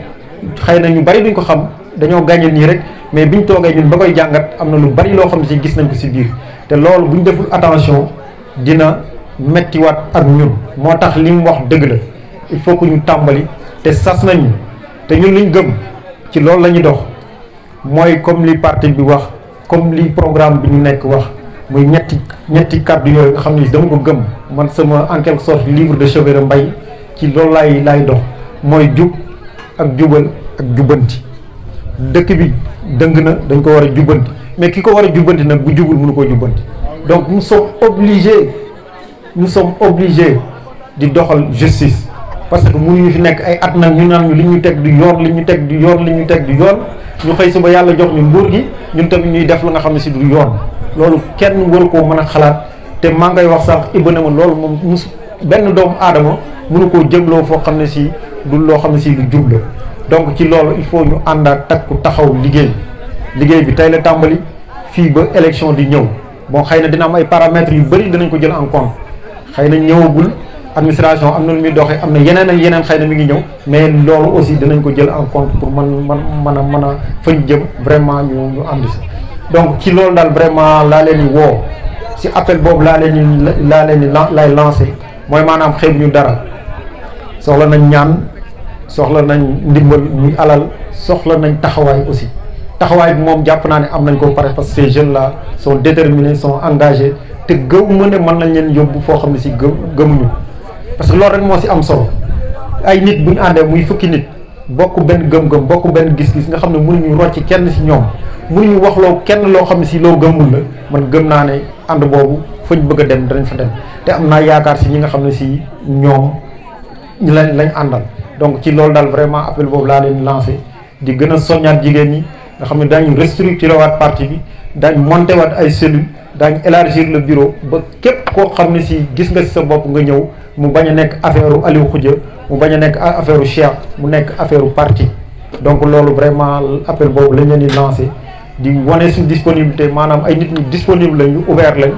xëy na ñu bari duñ ko xam dañoo gàññe nii rek mais bi ñu toogee ñun ba koy jàngat am na lu bari loo xam ne si gis nañ ko ci biir te loolu bu ñu deful attention dina mettiwaat ak ñun moo tax li mu wax dëgg il faut que nous tambali té sas nañ té ñun liñ gëm ci loolu lañu dox moy comme li parti bi wax comme li programme bi ñu nekk wax muy ñetti ñetti cadre yoy nga xam ne dama ko gëm man sama en quelque sorte livre de chevet mbay ci loolu lay laay dox moy jub ak jubal ak jubbanti dëkk bi dëng na dañ ko wara a mais kiko wara war nak bu jubul mënu ko jubbanti donc nous sommes obligés nous sommes obligés di doxal justice parce que mu ñu fi nekk ay at nag ñu naan ñu li ñu teg du yoon li ñu teg du yoon li ñu teg yoon ñu xëy suba yàlla jox ñu nguur gi ñun tamit ñuy def la nga xam ne si du yoon loolu kenn waru koo mën a xalaat te maa ngay wax sànq Iba ne ma loolu moom si benn doomu aadama mënu koo jëmloo foo xam ne si du loo xam ne si du jub la donc ci loolu il faut ñu àndaat takku taxaw liggéey liggéey bi tey la tàmbali fii ba élection di ñëw bon xëy na dina am ay paramètres yu bëri dinañ ko jël en xëy na ñëwagul administration am na lu muy doxee am na yeneen ak yenen xeyna mi ngi ñew mais loolu aussi dinañ ko jël en compte pour man man man a mën fañ jëm vraiment ñu ñu ànd si donc ci loolu dal vraiment la leen di woo si appel boobu la leen di laa leen di lay lancé moy manam xeyb ñu dara soxla nañ ñaan soxla nañ ndimbal muy alal soxla nañ taxaway aussi taxaway bi moom jàpp naa am nañ ko paré parce que ces jeunes là sont déterminés sont engagés te gëw ma ne mën nañ leen yóbbu foo xam ne si gë gëmuñu parce que loolu rek moo si am solo ay nit bu ñu àndee muy fukki nit bokk benn gëm-gëm bokk benn gis-gis nga xam ne mënuñu rocc kenn si ñoom mënuñu waxloo kenn loo xam ne si loo gëmul la man gëm naa ne ànd boobu fañ bëgg a dem danañ fa dem te am naa yaakaar si ñi nga xam ne si ñoom ñu lañ lañ àndal donc ci loolu daal vraiment appel boobu laa leen lancé di gën a soññaat jigéen ñi nga xam ne daañu restructuré waat parti bi daañ monté waat ay cellules daañ élargir le bureau ba képp koo xam ne si gis nga si sa bopp nga ñëw mu baña nek affaireu Aliou Khoudia mu baña nek affaireu Cheikh mu nek affaireu parti donc lolu vraiment appel bobu lañ leen lancer di woné suñu disponibilité manam ay nit ñu disponible lañ ñu ouvert lañ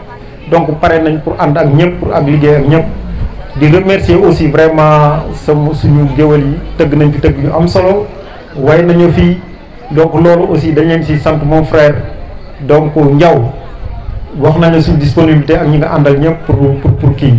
donc paré nañ pour and ak ñepp pour ak liguey ak ñepp di remercier aussi vraiment sama suñu gëwël yi tëgg nañ fi tëgg ñu am solo way nañu fi donc lolu aussi dañ leen ci sante mon frère donc njaw wax nañu suñu disponibilité ak ñi nga àndal ñëpp pour pour pour kii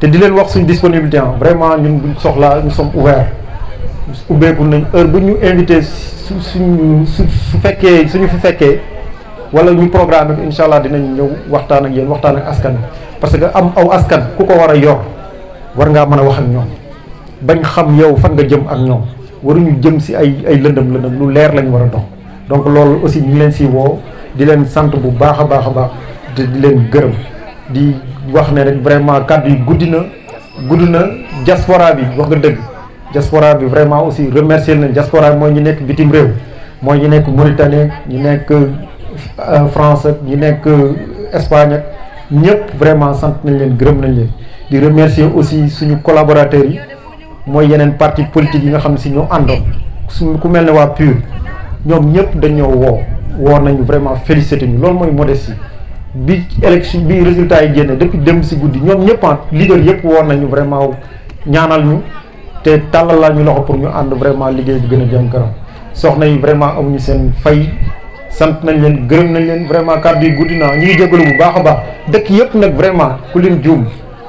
té di leen wax suñu disponibilité ah. vraiment ñun buñ soxlaa nous sommes ouverts ko nañ heure bu ñu invité suñu su féké suñu fu féké wala ñu programme inshallah dinañ ñëw waxtaan ak yeen waxtaan ak askan parce que am aw askan ku ko wara yor war nga mëna wax ak ñom bañ xam yow fan nga jëm ak ñoom waruñu jëm ci ay ay lëndëm lëndëm lu leer lañ wara dox donc loolu aussi ñu leen ci wo di leen sante bu baaxa baaxa baax di leen gërëm di wax ne rek vraiment kàddu yi guddi na diaspora bi wax nga deug diaspora bi vraiment aussi remercier na diaspora moy ñu nekk bitim rew moy ñu nekk Mauritanie ñu nekk euh, France ñu nekk euh, Espagne ak vraiment sant nañ leen gërëm nañ leen di remercier aussi suñu collaborateurs yi moy yenen parti politique yi nga xamni ne si ñoo ku melni wa waa ñom ñoom ñëpp dañoo wo woo nañu vraiment féliciter ñu lool moy modestie bi élection bi résultat yi génne depuis démb si guddi ñoom ñëpp ah, leader yëpp woon nañu vraiment ñaanal ñu te tàllal laa ñu loxo pour ñu ànd vraiment liggéey bi gën a jëm kanam soxna yi vraiment amuñu seen fay sant nañ leen gërëm nañ leen vraiment kàddu yi guddi naa ñu ngi jégalu bu baax a baax dëkk yëpp nag vraiment ku lim juum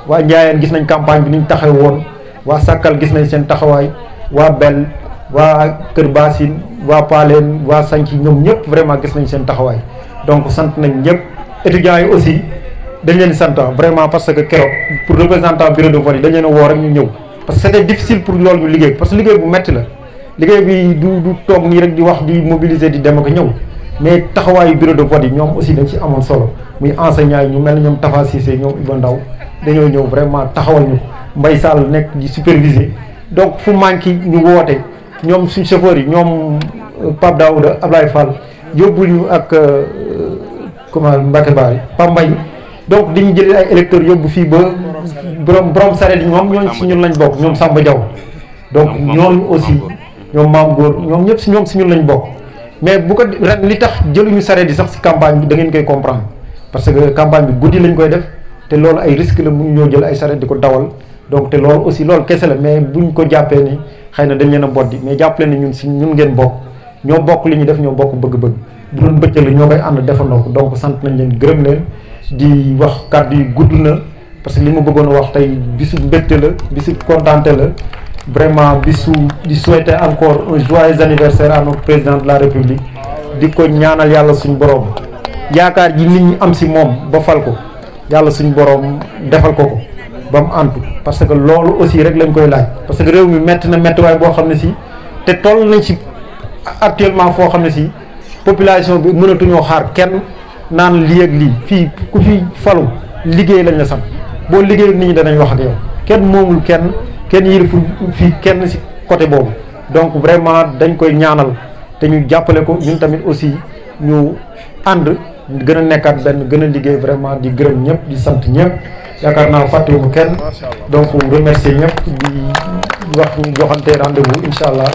waa Njaayeen gis nañ campagne bi ni ñu taxaw woon waa Sàkkal gis nañ seen taxawaay waa Bel waa Kër Basin waa paaleen waa Sanc ñoom ñëpp vraiment gis nañ seen taxawaay donc sant nañ ñëpp. étudiants yi aussi dañ leen sant vraiment parce que keroog pour représentant bureau de vote yi dañ leen a woo rek ñu ñëw parce que c'était difficile pour loolu ñu liggéey parce que liggéey bu metti la liggéey bi du du toog nii rek di wax di mobiliser di dem ak ñëw mais taxawaayu bureau de vote yi ñoom aussi dañ ci amoon solo muy enseignants yi ñu mel ne ñoom Tafa Cissé ñoom Iba Ndaw dañoo ñëw vraiment taxawal ñu Mbay Sall nekk di superviser donc fu manqué ñu woote ñoom suñ chauffeurs yi ñoom euh, Pape Daouda Ablaye Fall yóbbu ñu ak euh, comment Mbacke Bari Pambay donc dañu jëlee ay électeurs yóbbu fii ba borom borom sareet yi ñoom ñooñu si ñun lañ bokk ñoom Samba Diaw donc ñooñu aussi ñoom maam góor ñoom ñëpp si ñoom si ñun lañ bokk mais bu ko ren li tax jëluñu sareet yi sax si campagne bi da ngeen koy comprendre parce que campagne bi guddi lañ koy def te loolu ay risque la mun ñoo jël ay sareet di ko dawal donc te loolu aussi loolu kese la mais buñ ko jàppee ni xëy na dañ leen a boddi mais jàpp leen ni ñun si ñun ngeen bokk ñoo bokk li ñu def ñoo bokk bëgg-bëgg bu doon bëccëg la ñoo koy ànd defandoo ko donc sant nañ leen gërëm leen di wax kàddu yi gudd na parce que li ma bëggoon wax tey bisu mbégte la bisu kontante la vraiment bisu di souhaiter encore un joyeux anniversaire à président de la république di ko ñaanal yàlla suñu borom yaakaar ji nit ñi am si moom ba fal ko yàlla suñu borom defal ko ko ba mu antu parce que loolu aussi rek lañ koy laaj parce que réew mi métti na méttiwaay boo xam ne si te toll nañ si actuellement foo xam ne si. population bi mënatuñoo xaar kenn naan li ak lii fii ku fi falu liggéey lañ la sant boo liggéeyul nit ñi danañ wax ak yow kenn moomul kenn kenn yëliful fii kenn ci côté boobu donc vraiment dañ koy ñaanal te ñu jàppale ko ñun tamit aussi ñu ànd gën a nekkaat benn gën a liggéey vraiment di gërëm ñëpp di sant ñëpp yaakaar naa fàttewuma kenn donc remercier ñëpp waa ñu joxantee rendez-vous incha allah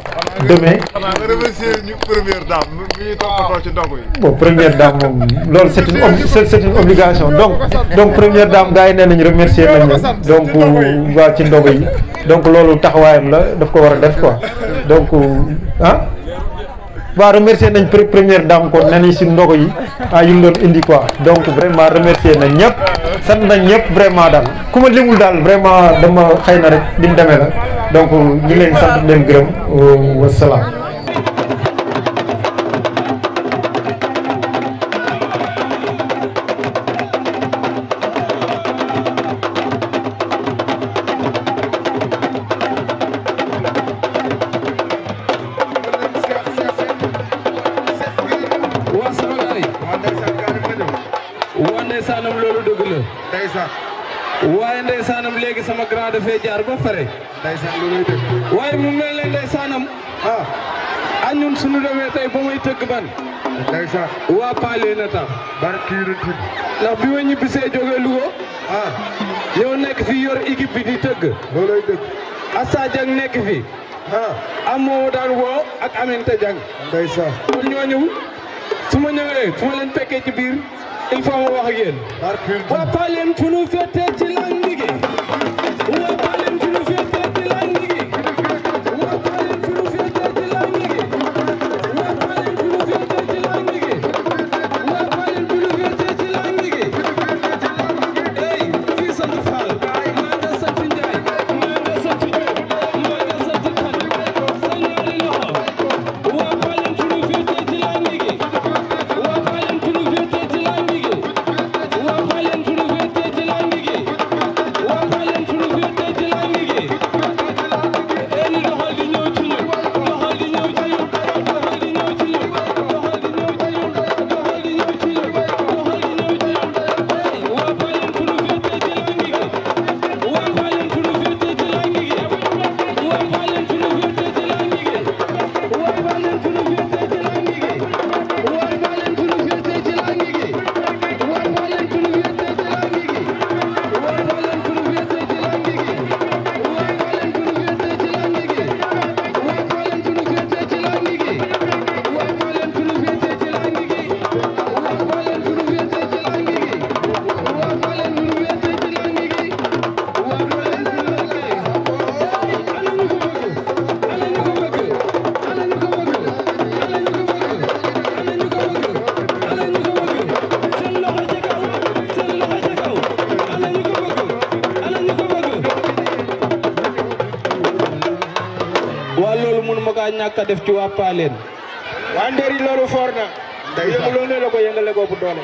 demain. xanaa nga remercier ñu première dame mi ñuy toppatoo ci ndogu yi. bon première dame moom loolu c'est une c'est donc donc première dame yi nee nañu remercier nañu donc euh, waa ci ndogu yi donc loolu taxawaayam la daf ko war a def ko donc euh, ah. waaw remercier nañ première dame kon nee nañ si ndogo yi ah yu doon indi quoi donc vraiment remercier nañ ñëpp sant nañ ñëpp vraiment daal ku ma limul daal vraiment dama xëy na rek di demee la. donc ñu leen sant leen gërëm wasalaam ndeysaan ndeysaan waa paale na ndax bi ma ñibbisee jógee Louga ah nekk fi yor équipe bi di tëgg loolay dëgg Assa Dieng nekk fi ah am moomu daan woo ak Aminata Dieng ndeysaan kon ñooñu su ma ñëwee su ma leen fekkee ci biir il faut ma wax waa paale fu nu fekkee ci ñàkk a def ci waa Paaleen waa Nderi loolu ne la ko bu doole